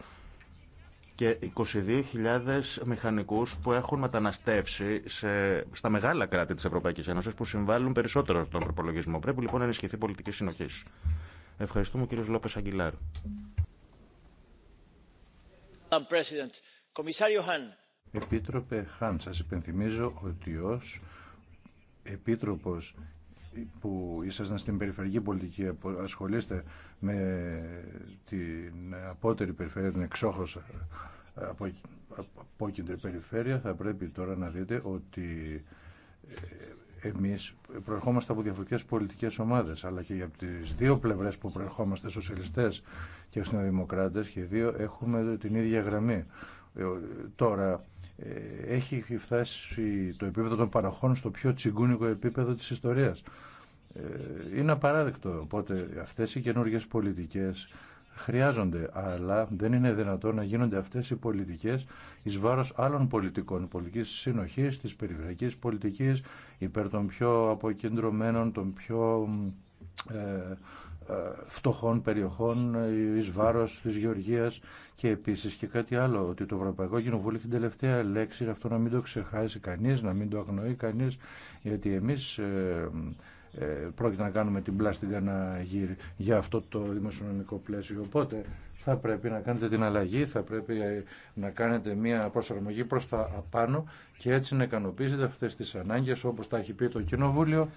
και 22.000 μηχανικούς που έχουν μεταναστεύσει σε, στα μεγάλα κράτη της Ευρωπαϊκής Ένωσης που συμβάλλουν περισσότερο στον προπολογισμό. Πρέπει λοιπόν να ενισχυθεί πολιτική συνοχή. Ευχαριστούμε κύριος Λόπες Αγγιλάρ. Επίτροπε Χάν, σας υπενθυμίζω ότι ως Επίτροπος που ήσασταν στην περιφερειακή πολιτική, ασχολείστε με την απότερη περιφέρεια, την εξόχως ε, από, από περιφέρεια, θα πρέπει τώρα να δείτε ότι ε, εμείς προερχόμαστε από διαφορετικές πολιτικές ομάδες, αλλά και από τις δύο πλευρές που προερχόμαστε, σοσιαλιστές και δημοκράτες και οι δύο έχουμε την ίδια γραμμή. Ε, τώρα, έχει φτάσει το επίπεδο των παραχών στο πιο τσιγκούνικο επίπεδο της ιστορίας. Ε, είναι απαράδεκτο. Οπότε αυτές οι καινούργιες πολιτικές χρειάζονται, αλλά δεν είναι δυνατόν να γίνονται αυτές οι πολιτικές εις βάρος άλλων πολιτικών, πολιτικής συνοχής, της περιφερειακή πολιτικής, υπέρ των πιο αποκεντρωμένων, των πιο ε, ε, φτωχών περιοχών, εις βάρος της γεωργίας και επίσης και κάτι άλλο, ότι το Ευρωπαϊκό Κοινοβούλιο έχει την τελευταία λέξη, αυτό να μην το ξεχάσει κανείς, να μην το αγνοεί κανείς, γιατί εμείς... Ε, ε, πρόκειται να κάνουμε την πλάστη να γύρει για αυτό το δημοσιονομικό πλαίσιο. Οπότε θα πρέπει να κάνετε την αλλαγή, θα πρέπει ε, να κάνετε μια προσαρμογή προς τα απάνω και έτσι να ικανοποιήσετε αυτές τις ανάγκες όπως τα έχει πει το Κοινοβούλιο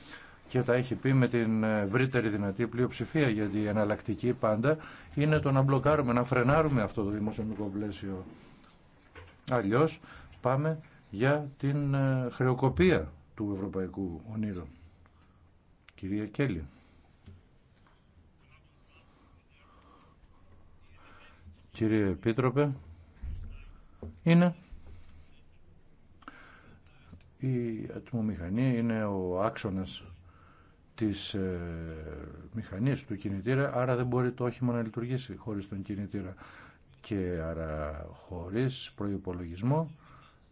και τα έχει πει με την ε, ευρύτερη δυνατή πλειοψηφία γιατί η εναλλακτική πάντα είναι το να μπλοκάρουμε, να φρενάρουμε αυτό το δημοσιονομικό πλαίσιο. Αλλιώς πάμε για την χρεοκοπία του ευρωπαϊκού ονείρου. Κυρία Κέλλη. Κύριε Επίτροπε, είναι η ατμομηχανή, είναι ο άξονας της ε, μηχανής του κινητήρα, άρα δεν μπορεί το όχημα να λειτουργήσει χωρίς τον κινητήρα και άρα χωρίς προϋπολογισμό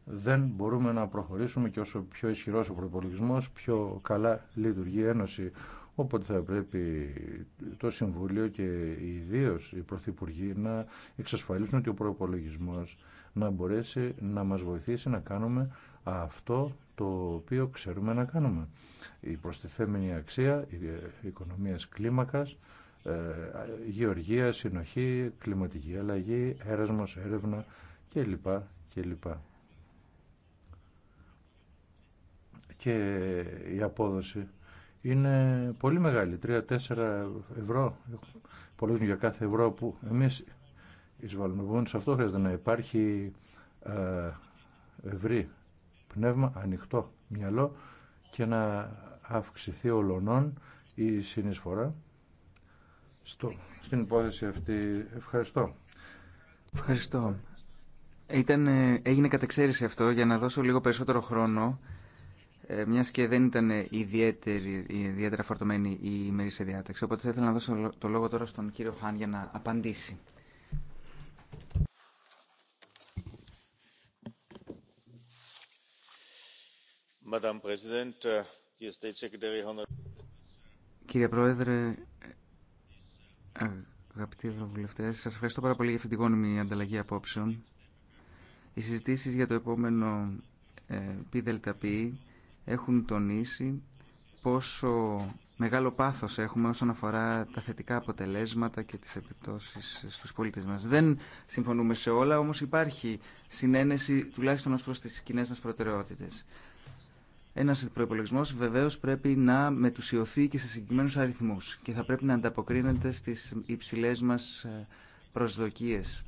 δεν μπορούμε να προχωρήσουμε και όσο πιο ισχυρός ο προπολογισμό, πιο καλά λειτουργεί η Ένωση. Οπότε θα πρέπει το Συμβούλιο και ιδίω οι Πρωθυπουργοί να εξασφαλίσουν ότι ο προπολογισμό να μπορέσει να μας βοηθήσει να κάνουμε αυτό το οποίο ξέρουμε να κάνουμε. Η προστιθέμενη αξία η οικονομίας κλίμακας, ε, γεωργία, συνοχή, κλιματική αλλαγή, έρασμο, έρευνα κλπ. και η απόδοση είναι πολύ μεγάλη, 3-4 ευρώ πολύ για κάθε ευρώ που εμείς εισβάλλουμε. αυτό χρειάζεται να υπάρχει ε, ευρύ πνεύμα, ανοιχτό μυαλό και να αυξηθεί ολονών η συνεισφορά στο, στην υπόθεση αυτή. Ευχαριστώ. Ευχαριστώ. Ε, έγινε κατεξαίρεση αυτό για να δώσω λίγο περισσότερο χρόνο ε, Μια και δεν ήταν ιδιαίτερα φορτωμένη η ημερήσια διάταξη. Οπότε θα ήθελα να δώσω το λόγο τώρα στον κύριο Χάν για να απαντήσει. Uh, Κύριε Πρόεδρε, αγαπητοί ευρωβουλευτέ, σα ευχαριστώ πάρα πολύ για αυτή την γόνιμη ανταλλαγή απόψεων. Οι συζητήσει για το επόμενο ε, έχουν τονίσει πόσο μεγάλο πάθος έχουμε όσον αφορά τα θετικά αποτελέσματα και τις επιπτώσεις στους πολίτες μας. Δεν συμφωνούμε σε όλα, όμως υπάρχει συνένεση τουλάχιστον ως προς τις κοινέ μας προτεραιότητες. Ένας προπολογισμό βεβαίως πρέπει να μετουσιωθεί και σε συγκεκριμένους αριθμούς και θα πρέπει να ανταποκρίνεται στις υψηλές μας ε, προσδοκίες.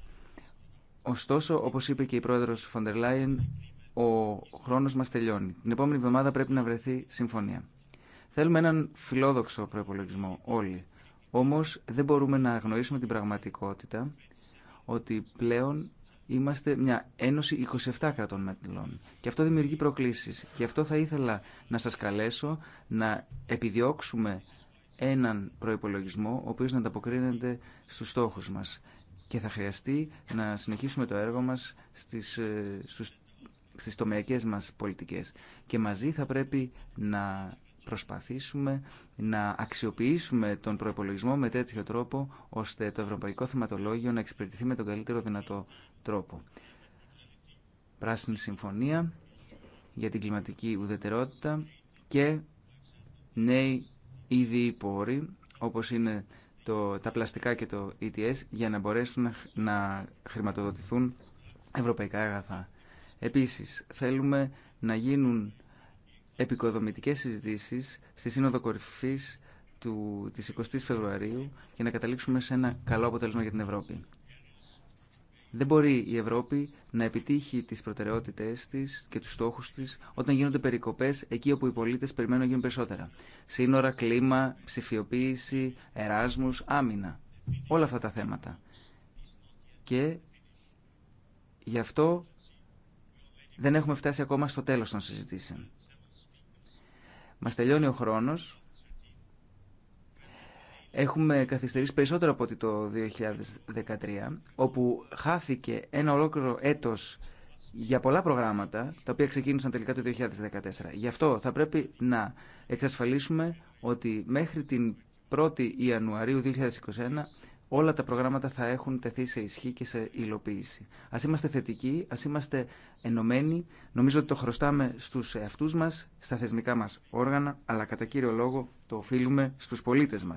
Ωστόσο, όπως είπε και η πρόεδρος Φοντερ Λάιεν, ο χρόνος μας τελειώνει. Την επόμενη εβδομάδα πρέπει να βρεθεί συμφωνία. Θέλουμε έναν φιλόδοξο προπολογισμό όλοι. Όμως δεν μπορούμε να αγνοήσουμε την πραγματικότητα ότι πλέον είμαστε μια ένωση 27 κρατών μετλών. Και αυτό δημιουργεί προκλήσεις. Και αυτό θα ήθελα να σας καλέσω να επιδιώξουμε έναν προϋπολογισμό ο οποίος να ανταποκρίνεται στους στόχους μας. Και θα χρειαστεί να συνεχίσουμε το έργο μας στις, ε, στους στις τομεακές μας πολιτικές. Και μαζί θα πρέπει να προσπαθήσουμε να αξιοποιήσουμε τον προπολογισμό με τέτοιο τρόπο, ώστε το ευρωπαϊκό θεματολόγιο να εξυπηρετηθεί με τον καλύτερο δυνατό τρόπο. Πράσινη συμφωνία για την κλιματική ουδετερότητα και νέοι ήδη πόροι, όπως είναι το, τα πλαστικά και το ETS, για να μπορέσουν να χρηματοδοτηθούν ευρωπαϊκά αγαθά. Επίσης, θέλουμε να γίνουν επικοδομητικές συζητήσεις στη Σύνοδο Κορυφής του, της 20 Φεβρουαρίου για να καταλήξουμε σε ένα καλό αποτέλεσμα για την Ευρώπη. Δεν μπορεί η Ευρώπη να επιτύχει τις προτεραιότητες της και τους στόχους της όταν γίνονται περικοπές εκεί όπου οι πολίτες περιμένουν να γίνουν περισσότερα. Σύνορα, κλίμα, ψηφιοποίηση, εράσμους, άμυνα. Όλα αυτά τα θέματα. Και γι' αυτό δεν έχουμε φτάσει ακόμα στο τέλος των συζητήσεων. Μας τελειώνει ο χρόνος. Έχουμε καθυστερήσει περισσότερο από ότι το 2013, όπου χάθηκε ένα ολόκληρο έτος για πολλά προγράμματα, τα οποία ξεκίνησαν τελικά το 2014. Γι' αυτό θα πρέπει να εξασφαλίσουμε ότι μέχρι την 1η Ιανουαρίου 2021 όλα τα προγράμματα θα έχουν τεθεί σε ισχύ και σε υλοποίηση. Α είμαστε θετικοί, α είμαστε ενωμένοι. Νομίζω ότι το χρωστάμε στου εαυτού μα στα θεσμικά μα όργανα, αλλά κατά κύριο λόγο το οφείλουμε στου πολίτε μα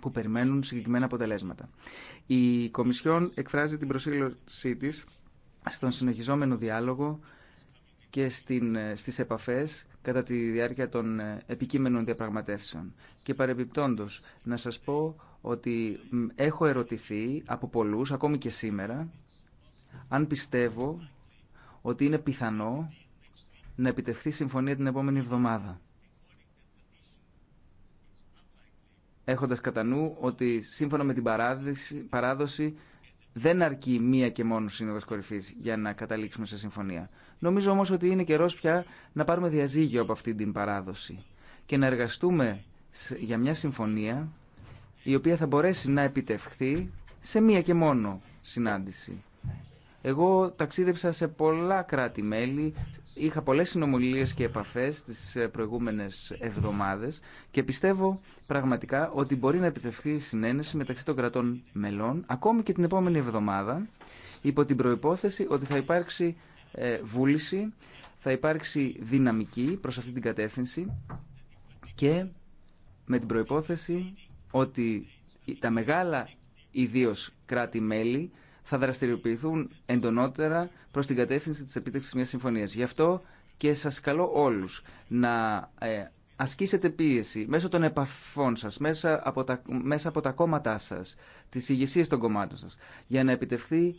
που περιμένουν συγκεκριμένα αποτελέσματα. Η Κομισιόν εκφράζει την προσήλωσή της στον συνεχιζόμενο διάλογο και στην, στις επαφές κατά τη διάρκεια των επικείμενων διαπραγματεύσεων. Και παρεμπιπτόντος, να σας πω ότι έχω ερωτηθεί από πολλούς, ακόμη και σήμερα, αν πιστεύω ότι είναι πιθανό να επιτευχθεί συμφωνία την επόμενη εβδομάδα. Έχοντας κατά νου ότι σύμφωνα με την παράδοση δεν αρκεί μία και μόνο σύνοδο κορυφή για να καταλήξουμε σε συμφωνία. Νομίζω όμω ότι είναι καιρό πια να πάρουμε διαζύγιο από αυτή την παράδοση και να εργαστούμε για μια συμφωνία η οποία θα μπορέσει να επιτευχθεί σε μία και μόνο συνάντηση. Εγώ ταξίδεψα σε πολλά κράτη-μέλη, είχα πολλές συνομιλίες και επαφές τις προηγούμενες εβδομάδες και πιστεύω πραγματικά ότι μπορεί να επιτευχθεί συνένεση μεταξύ των κρατών μελών ακόμη και την επόμενη εβδομάδα υπό την προϋπόθεση ότι θα υπάρξει ε, βούληση, θα υπάρξει δυναμική προς αυτή την κατεύθυνση και με την προϋπόθεση ότι τα μεγάλα ιδίω κράτη-μέλη θα δραστηριοποιηθούν εντονότερα προς την κατεύθυνση της επίτευξης μια συμφωνίας. Γι' αυτό και σας καλώ όλους να ε, ασκήσετε πίεση μέσω των επαφών σας, μέσα από τα, μέσα από τα κόμματά σας, τι ηγεσίε των κομμάτων σας, για να επιτευχθεί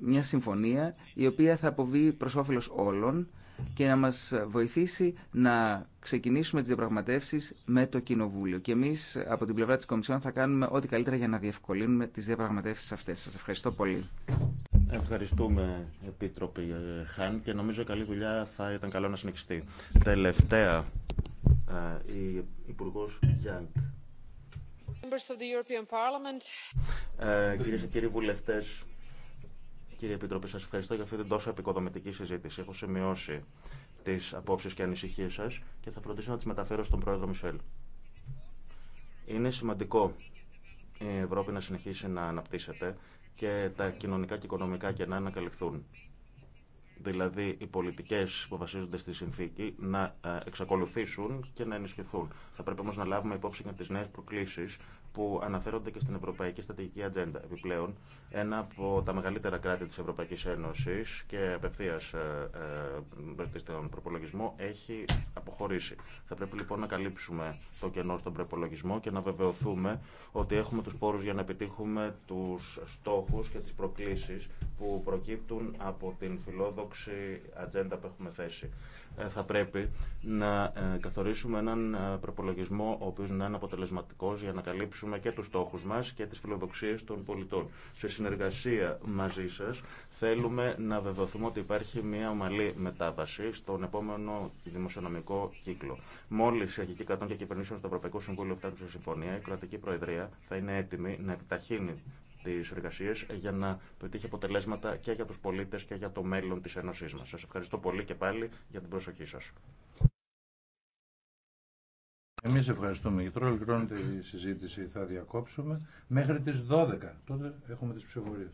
μια συμφωνία η οποία θα αποβεί προ όφελο όλων και να μας βοηθήσει να ξεκινήσουμε τις διαπραγματεύσεις με το Κοινοβούλιο. Και εμείς από την πλευρά της Κομισιόν θα κάνουμε ό,τι καλύτερα για να διευκολύνουμε τις διαπραγματεύσεις αυτές. Σας ευχαριστώ πολύ. Ευχαριστούμε, Επίτροπη Χάν, και νομίζω καλή δουλειά θα ήταν καλό να συνεχιστεί. Τελευταία, ε, η Υπουργό Γιάνκ. Κυρίε και κύριοι βουλευτές, Κύριε Επιτροπή, σα ευχαριστώ για αυτή την τόσο επικοδομητική συζήτηση. Έχω σημειώσει τι απόψει και ανησυχίε σα και θα φροντίσω να τι μεταφέρω στον Πρόεδρο Μισελ. Είναι σημαντικό η Ευρώπη να συνεχίσει να αναπτύσσεται και τα κοινωνικά και οικονομικά κενά να καλυφθούν. Δηλαδή, οι πολιτικέ που βασίζονται στη συνθήκη να ε, εξακολουθήσουν και να ενισχυθούν. Θα πρέπει όμω να λάβουμε υπόψη και τι νέε προκλήσει που αναφέρονται και στην Ευρωπαϊκή Στρατηγική Ατζέντα. Επιπλέον, ένα από τα μεγαλύτερα κράτη τη Ευρωπαϊκή Ένωση και απευθεία ε, ε στον προπολογισμό έχει αποχωρήσει. Θα πρέπει λοιπόν να καλύψουμε το κενό στον προπολογισμό και να βεβαιωθούμε ότι έχουμε του πόρου για να επιτύχουμε του στόχου και τι προκλήσει που προκύπτουν από την φιλόδοξη ατζέντα που έχουμε θέσει. Ε, θα πρέπει να ε, καθορίσουμε έναν προπολογισμό ο οποίο να είναι αποτελεσματικό για να καλύψουμε και τους στόχους μας και τις φιλοδοξίες των πολιτών. Σε συνεργασία μαζί σας θέλουμε να βεβαιωθούμε ότι υπάρχει μια ομαλή μετάβαση στον επόμενο δημοσιονομικό κύκλο. Μόλις η αρχική κρατών και κυβερνήσεων στο Ευρωπαϊκό Συμβούλιο φτάνουν σε συμφωνία, η κρατική προεδρία θα είναι έτοιμη να επιταχύνει τι εργασίε για να πετύχει αποτελέσματα και για του πολίτε και για το μέλλον τη Ένωσή μα. Σα ευχαριστώ πολύ και πάλι για την προσοχή σα. Εμείς ευχαριστούμε. Τώρα ολοκληρώνεται η συζήτηση. Θα διακόψουμε μέχρι τις 12. Τότε έχουμε τις ψηφορίες.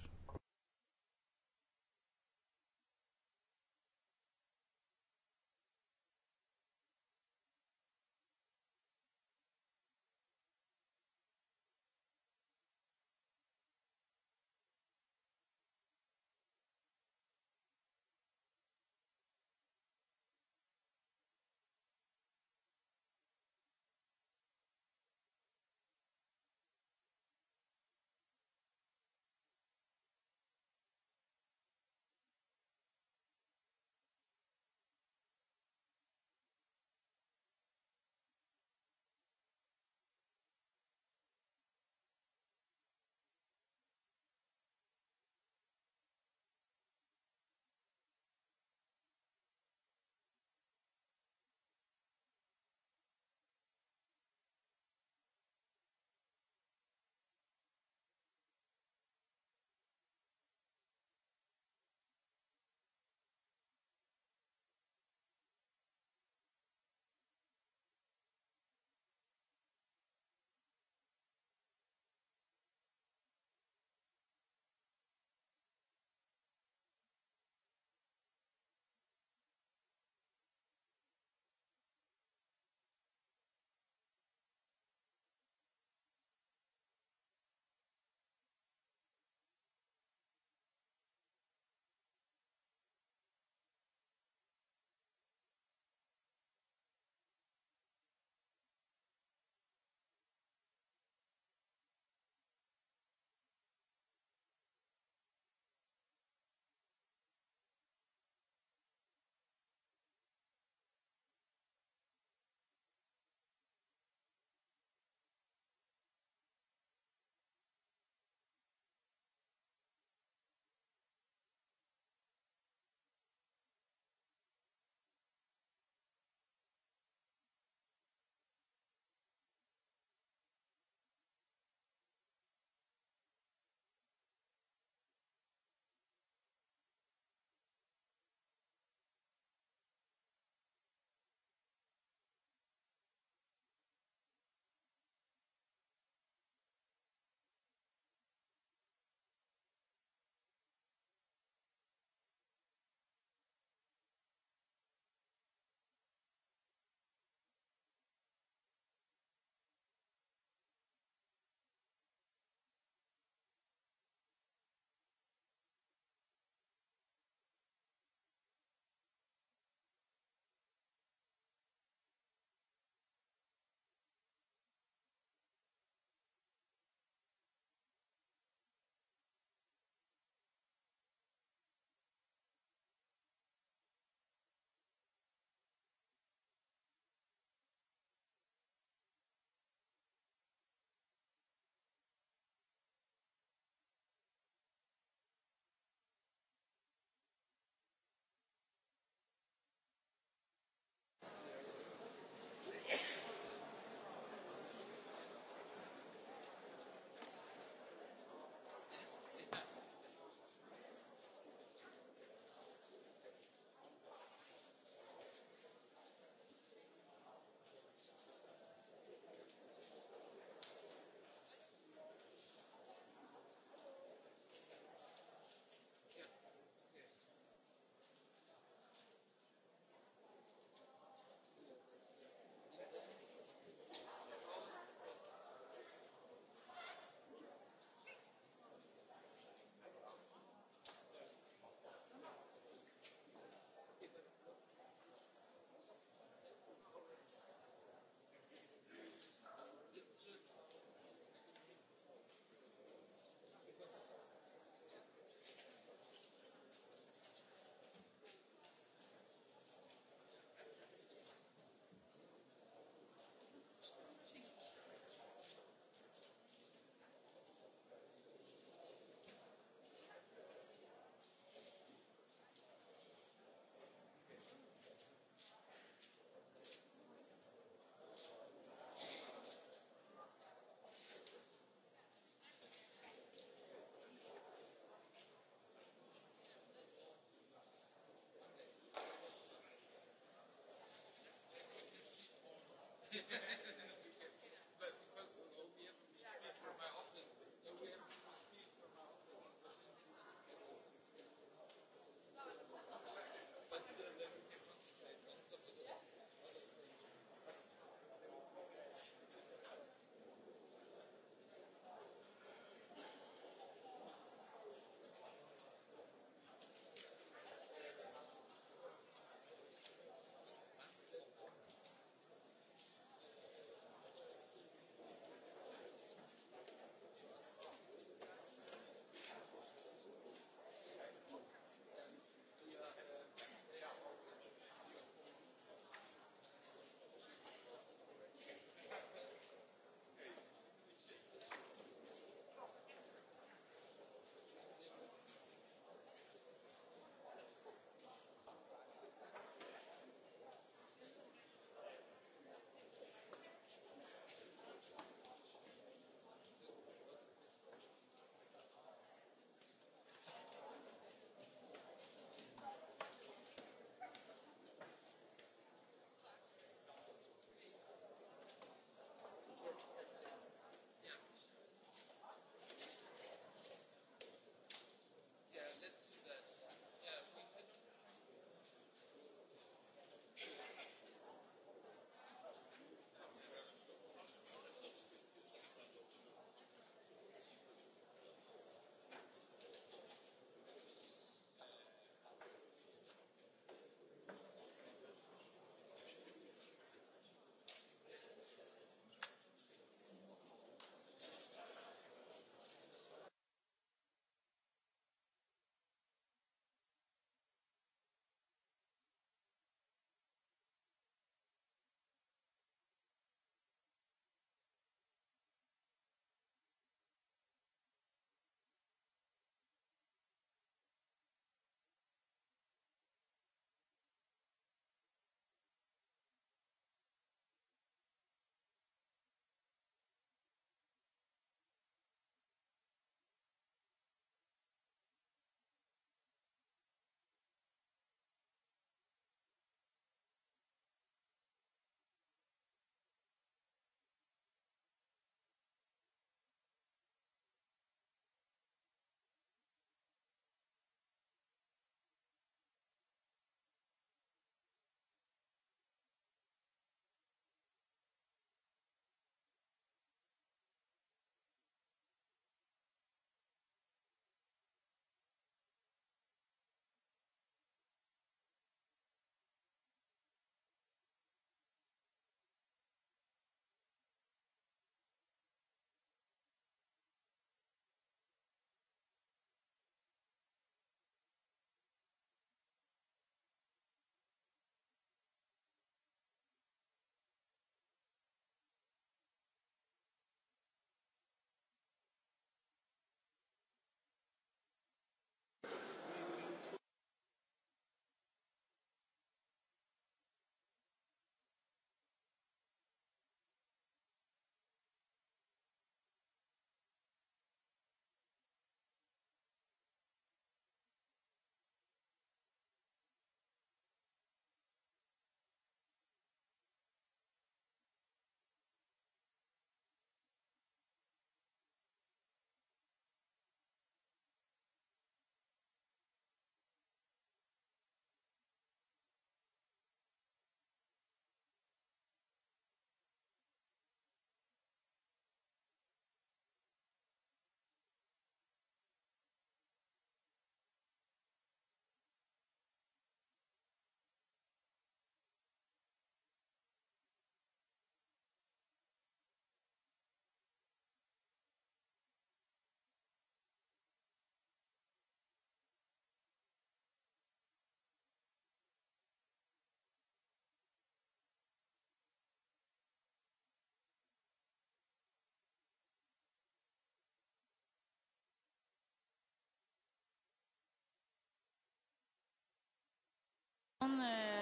kan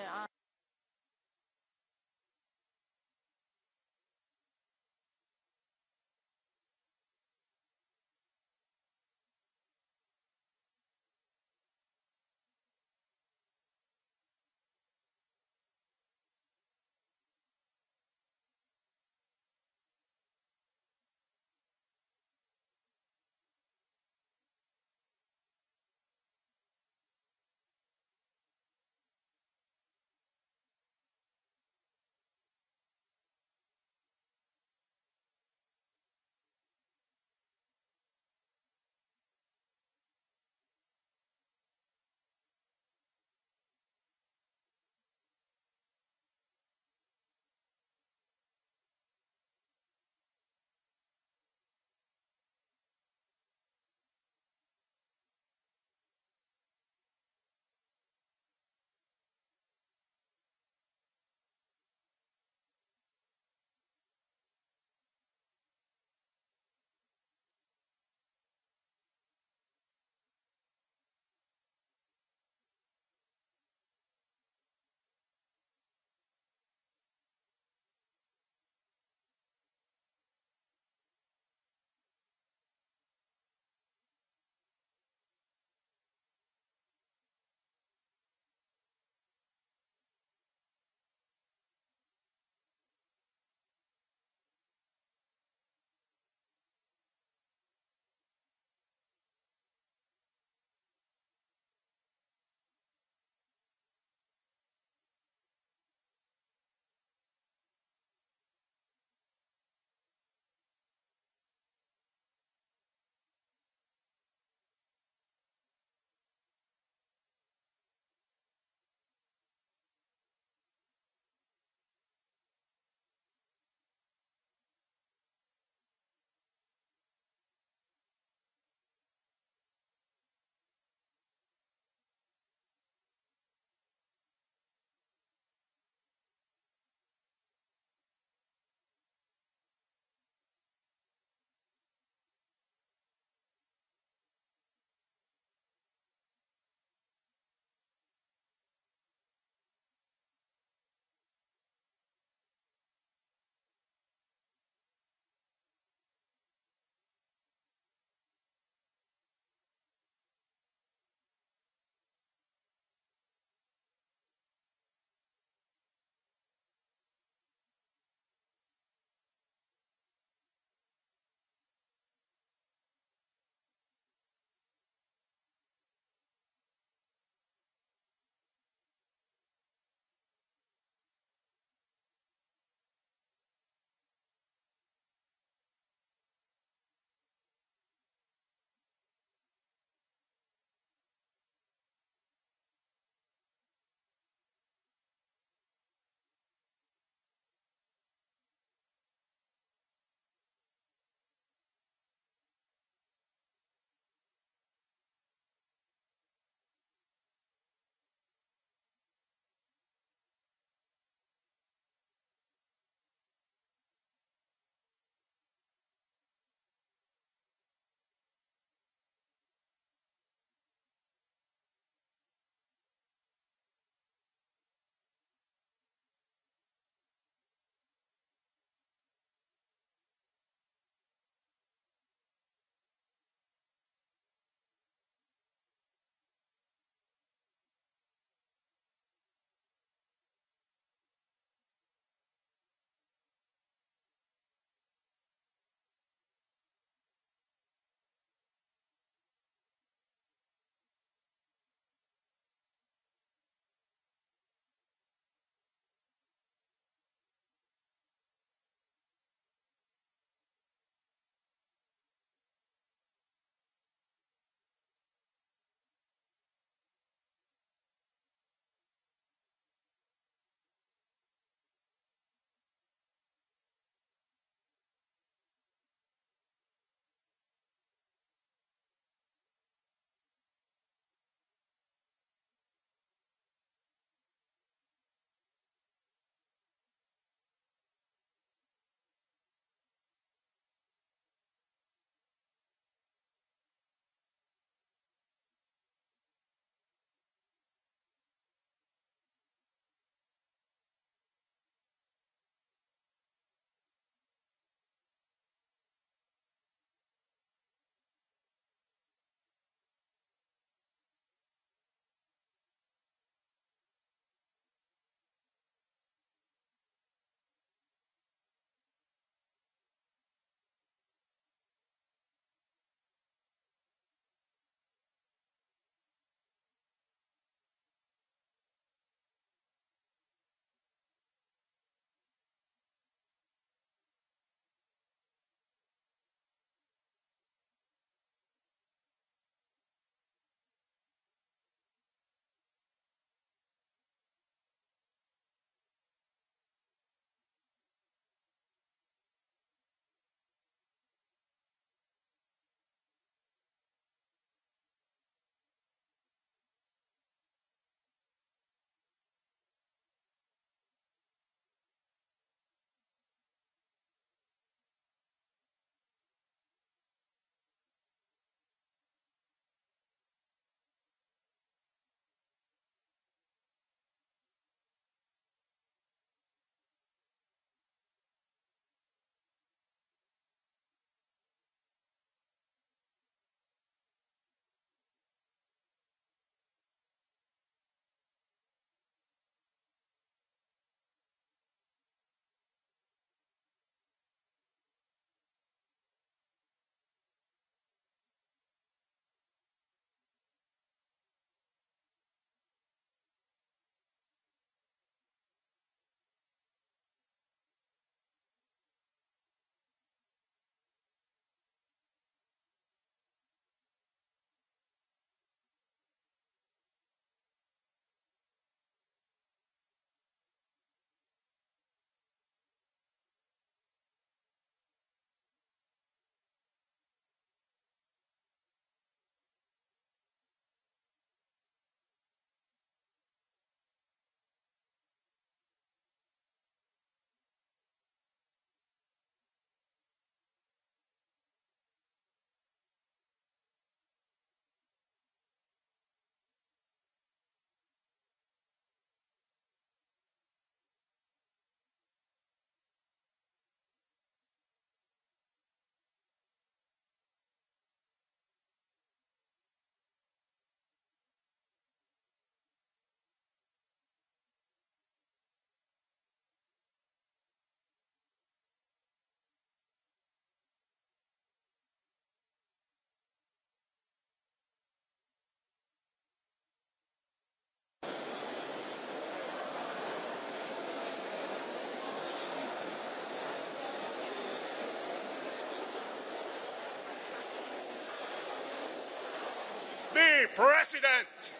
President!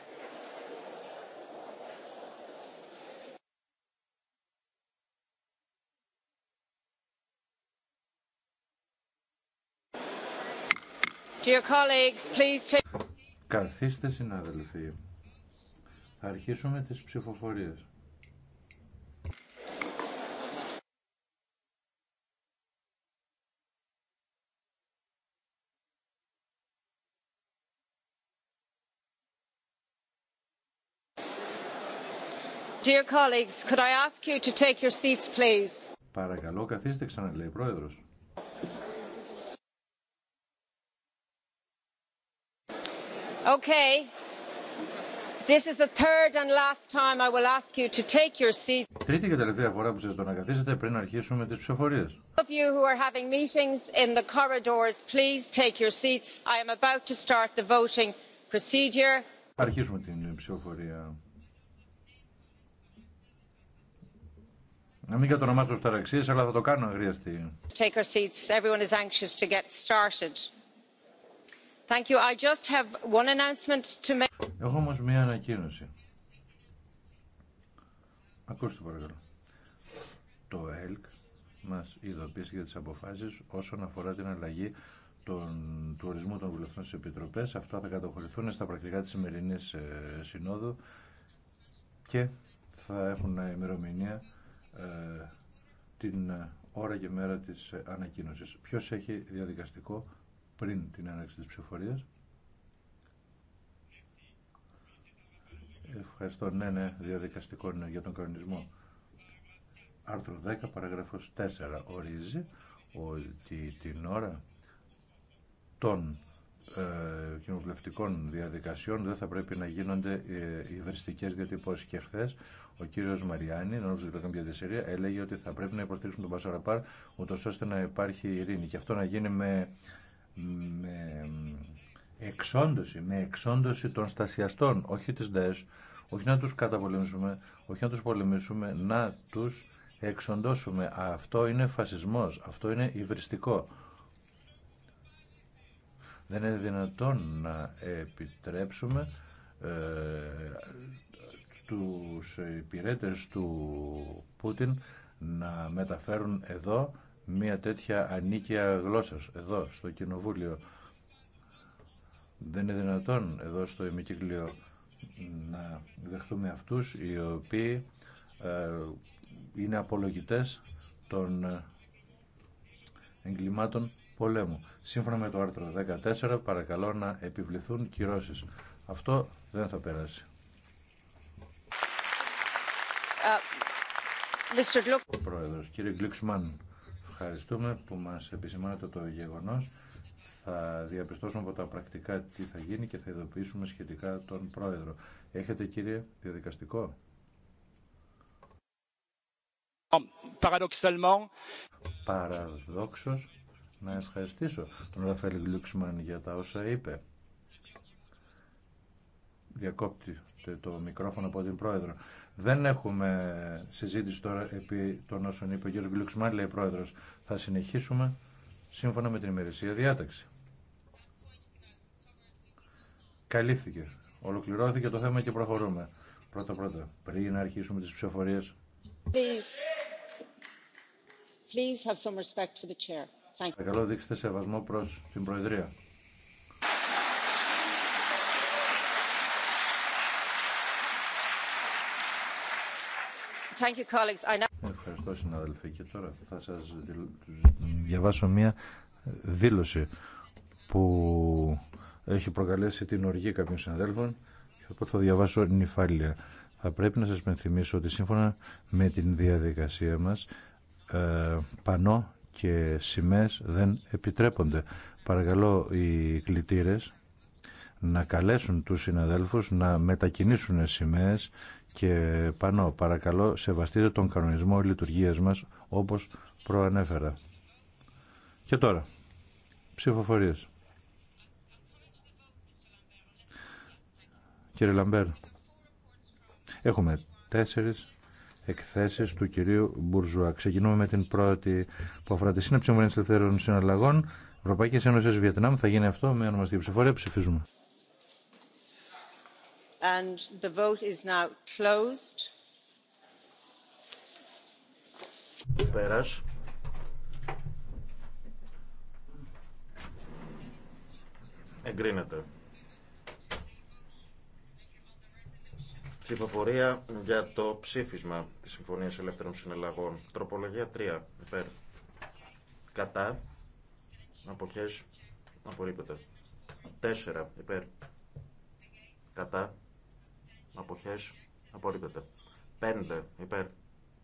Dear colleagues, please take... Καθίστε συνάδελφοι. Θα αρχίσουμε τις ψηφοφορίες. colleagues, could I ask you to take your seats, please? Παρακαλώ, καθίστε ξαναλέει πρόεδρος. Okay. This is the third and last time I will ask you to take your seat. Τρίτη και τελευταία φορά που σας το να καθίσετε πριν αρχίσουμε τις ψηφοφορίες. Of you who are having meetings in the corridors, please take your seats. I am about to start the voting procedure. Αρχίσουμε την ψηφοφορία. Να μην κατονομάσω τους ταραξίες, αλλά θα το κάνω αγρίαστη. Take our seats. Everyone is anxious to get started. Thank you. I just have one announcement to make. Έχω όμως μία ανακοίνωση. Ακούστε παρακαλώ. Το ΕΛΚ μας ειδοποίησε για τις αποφάσεις όσον αφορά την αλλαγή των, του ορισμού των βουλευτών στις επιτροπές. Αυτά θα καταχωρηθούν στα πρακτικά της σημερινής ε, συνόδου και θα έχουν ημερομηνία ε, την ε, ώρα και μέρα της ε, ανακοίνωσης. Ποιος έχει διαδικαστικό πριν την έναρξη της ψηφοφορίας. Ευχαριστώ. Ναι, ναι, διαδικαστικό είναι για τον κανονισμό. Άρθρο 10, παραγράφος 4 ορίζει ότι την ώρα των ε, κοινοβουλευτικών διαδικασιών δεν θα πρέπει να γίνονται ε, υβριστικές διατυπώσεις. Και χθε ο κύριος Μαριάννη, ενώ του κάποια δυσερία, έλεγε ότι θα πρέπει να υποστηρίξουν τον Πασαραπάρ ούτως ώστε να υπάρχει ειρήνη. Και αυτό να γίνει με, με εξόντωση, με εξόντωση των στασιαστών, όχι της ΔΕΣ, όχι να τους καταπολεμήσουμε, όχι να τους πολεμήσουμε, να τους εξοντώσουμε. Αυτό είναι φασισμός, αυτό είναι υβριστικό. Δεν είναι δυνατόν να επιτρέψουμε ε, τους υπηρέτες του Πούτιν να μεταφέρουν εδώ μια τέτοια ανίκια γλώσσα εδώ στο κοινοβούλιο δεν είναι δυνατόν εδώ στο ημικύκλιο να δεχτούμε αυτούς οι οποίοι ε, είναι απολογητές των εγκλημάτων πολέμου. Σύμφωνα με το άρθρο 14 παρακαλώ να επιβληθούν κυρώσεις. Αυτό δεν θα περάσει. Uh, Ο Πρόεδρος, κύριε Γκλίξμαν, ευχαριστούμε που μας επισημάνετε το γεγονός. Θα διαπιστώσουμε από τα πρακτικά τι θα γίνει και θα ειδοποιήσουμε σχετικά τον Πρόεδρο. Έχετε κύριε διαδικαστικό. Παραδόξως, να ευχαριστήσω τον Ραφέλη Γκλουξμαν για τα όσα είπε. Διακόπτεται το μικρόφωνο από την Πρόεδρο. Δεν έχουμε συζήτηση τώρα επί των όσων είπε ο κ. Γκλουξμαν, λέει Πρόεδρος. Θα συνεχίσουμε σύμφωνα με την ημερησία διάταξη. Καλύφθηκε. Ολοκληρώθηκε το θέμα και προχωρούμε. Πρώτα πρώτα, πριν να αρχίσουμε τις ψηφοφορίες. Please have some respect for the chair. Παρακαλώ δείξτε σεβασμό προ την Προεδρία. Ευχαριστώ συναδελφοί και τώρα θα σας διαβάσω μία δήλωση που έχει προκαλέσει την οργή κάποιων συναδέλφων και οπότε θα διαβάσω νυφάλια. Θα πρέπει να σας πενθυμίσω ότι σύμφωνα με την διαδικασία μας ε, πανώ και σημαίες δεν επιτρέπονται. Παρακαλώ οι κλητήρες να καλέσουν τους συναδέλφους να μετακινήσουν σημαίες και πάνω παρακαλώ σεβαστείτε τον κανονισμό λειτουργίας μας όπως προανέφερα. Και τώρα, ψηφοφορίες. Κύριε Λαμπέρ, έχουμε τέσσερις εκθέσεις του κυρίου Μπουρζουά. Ξεκινούμε με την πρώτη που αφορά τη σύναψη ομονίας ελευθέρων συναλλαγών Ευρωπαϊκής Ένωσης Βιετνάμ. Θα γίνει αυτό με ονομαστική ψηφορία. Ψηφίζουμε. And the vote is now closed. Πέρας. Εγκρίνεται. Ψηφοφορία για το ψήφισμα της Συμφωνίας Ελεύθερων Συνελλαγών. Τροπολογία 3. Υπέρ. Κατά. Αποχές. Απορρίπτεται. 4. Υπέρ. Κατά. Αποχές. Απορρίπτεται. 5. Υπέρ.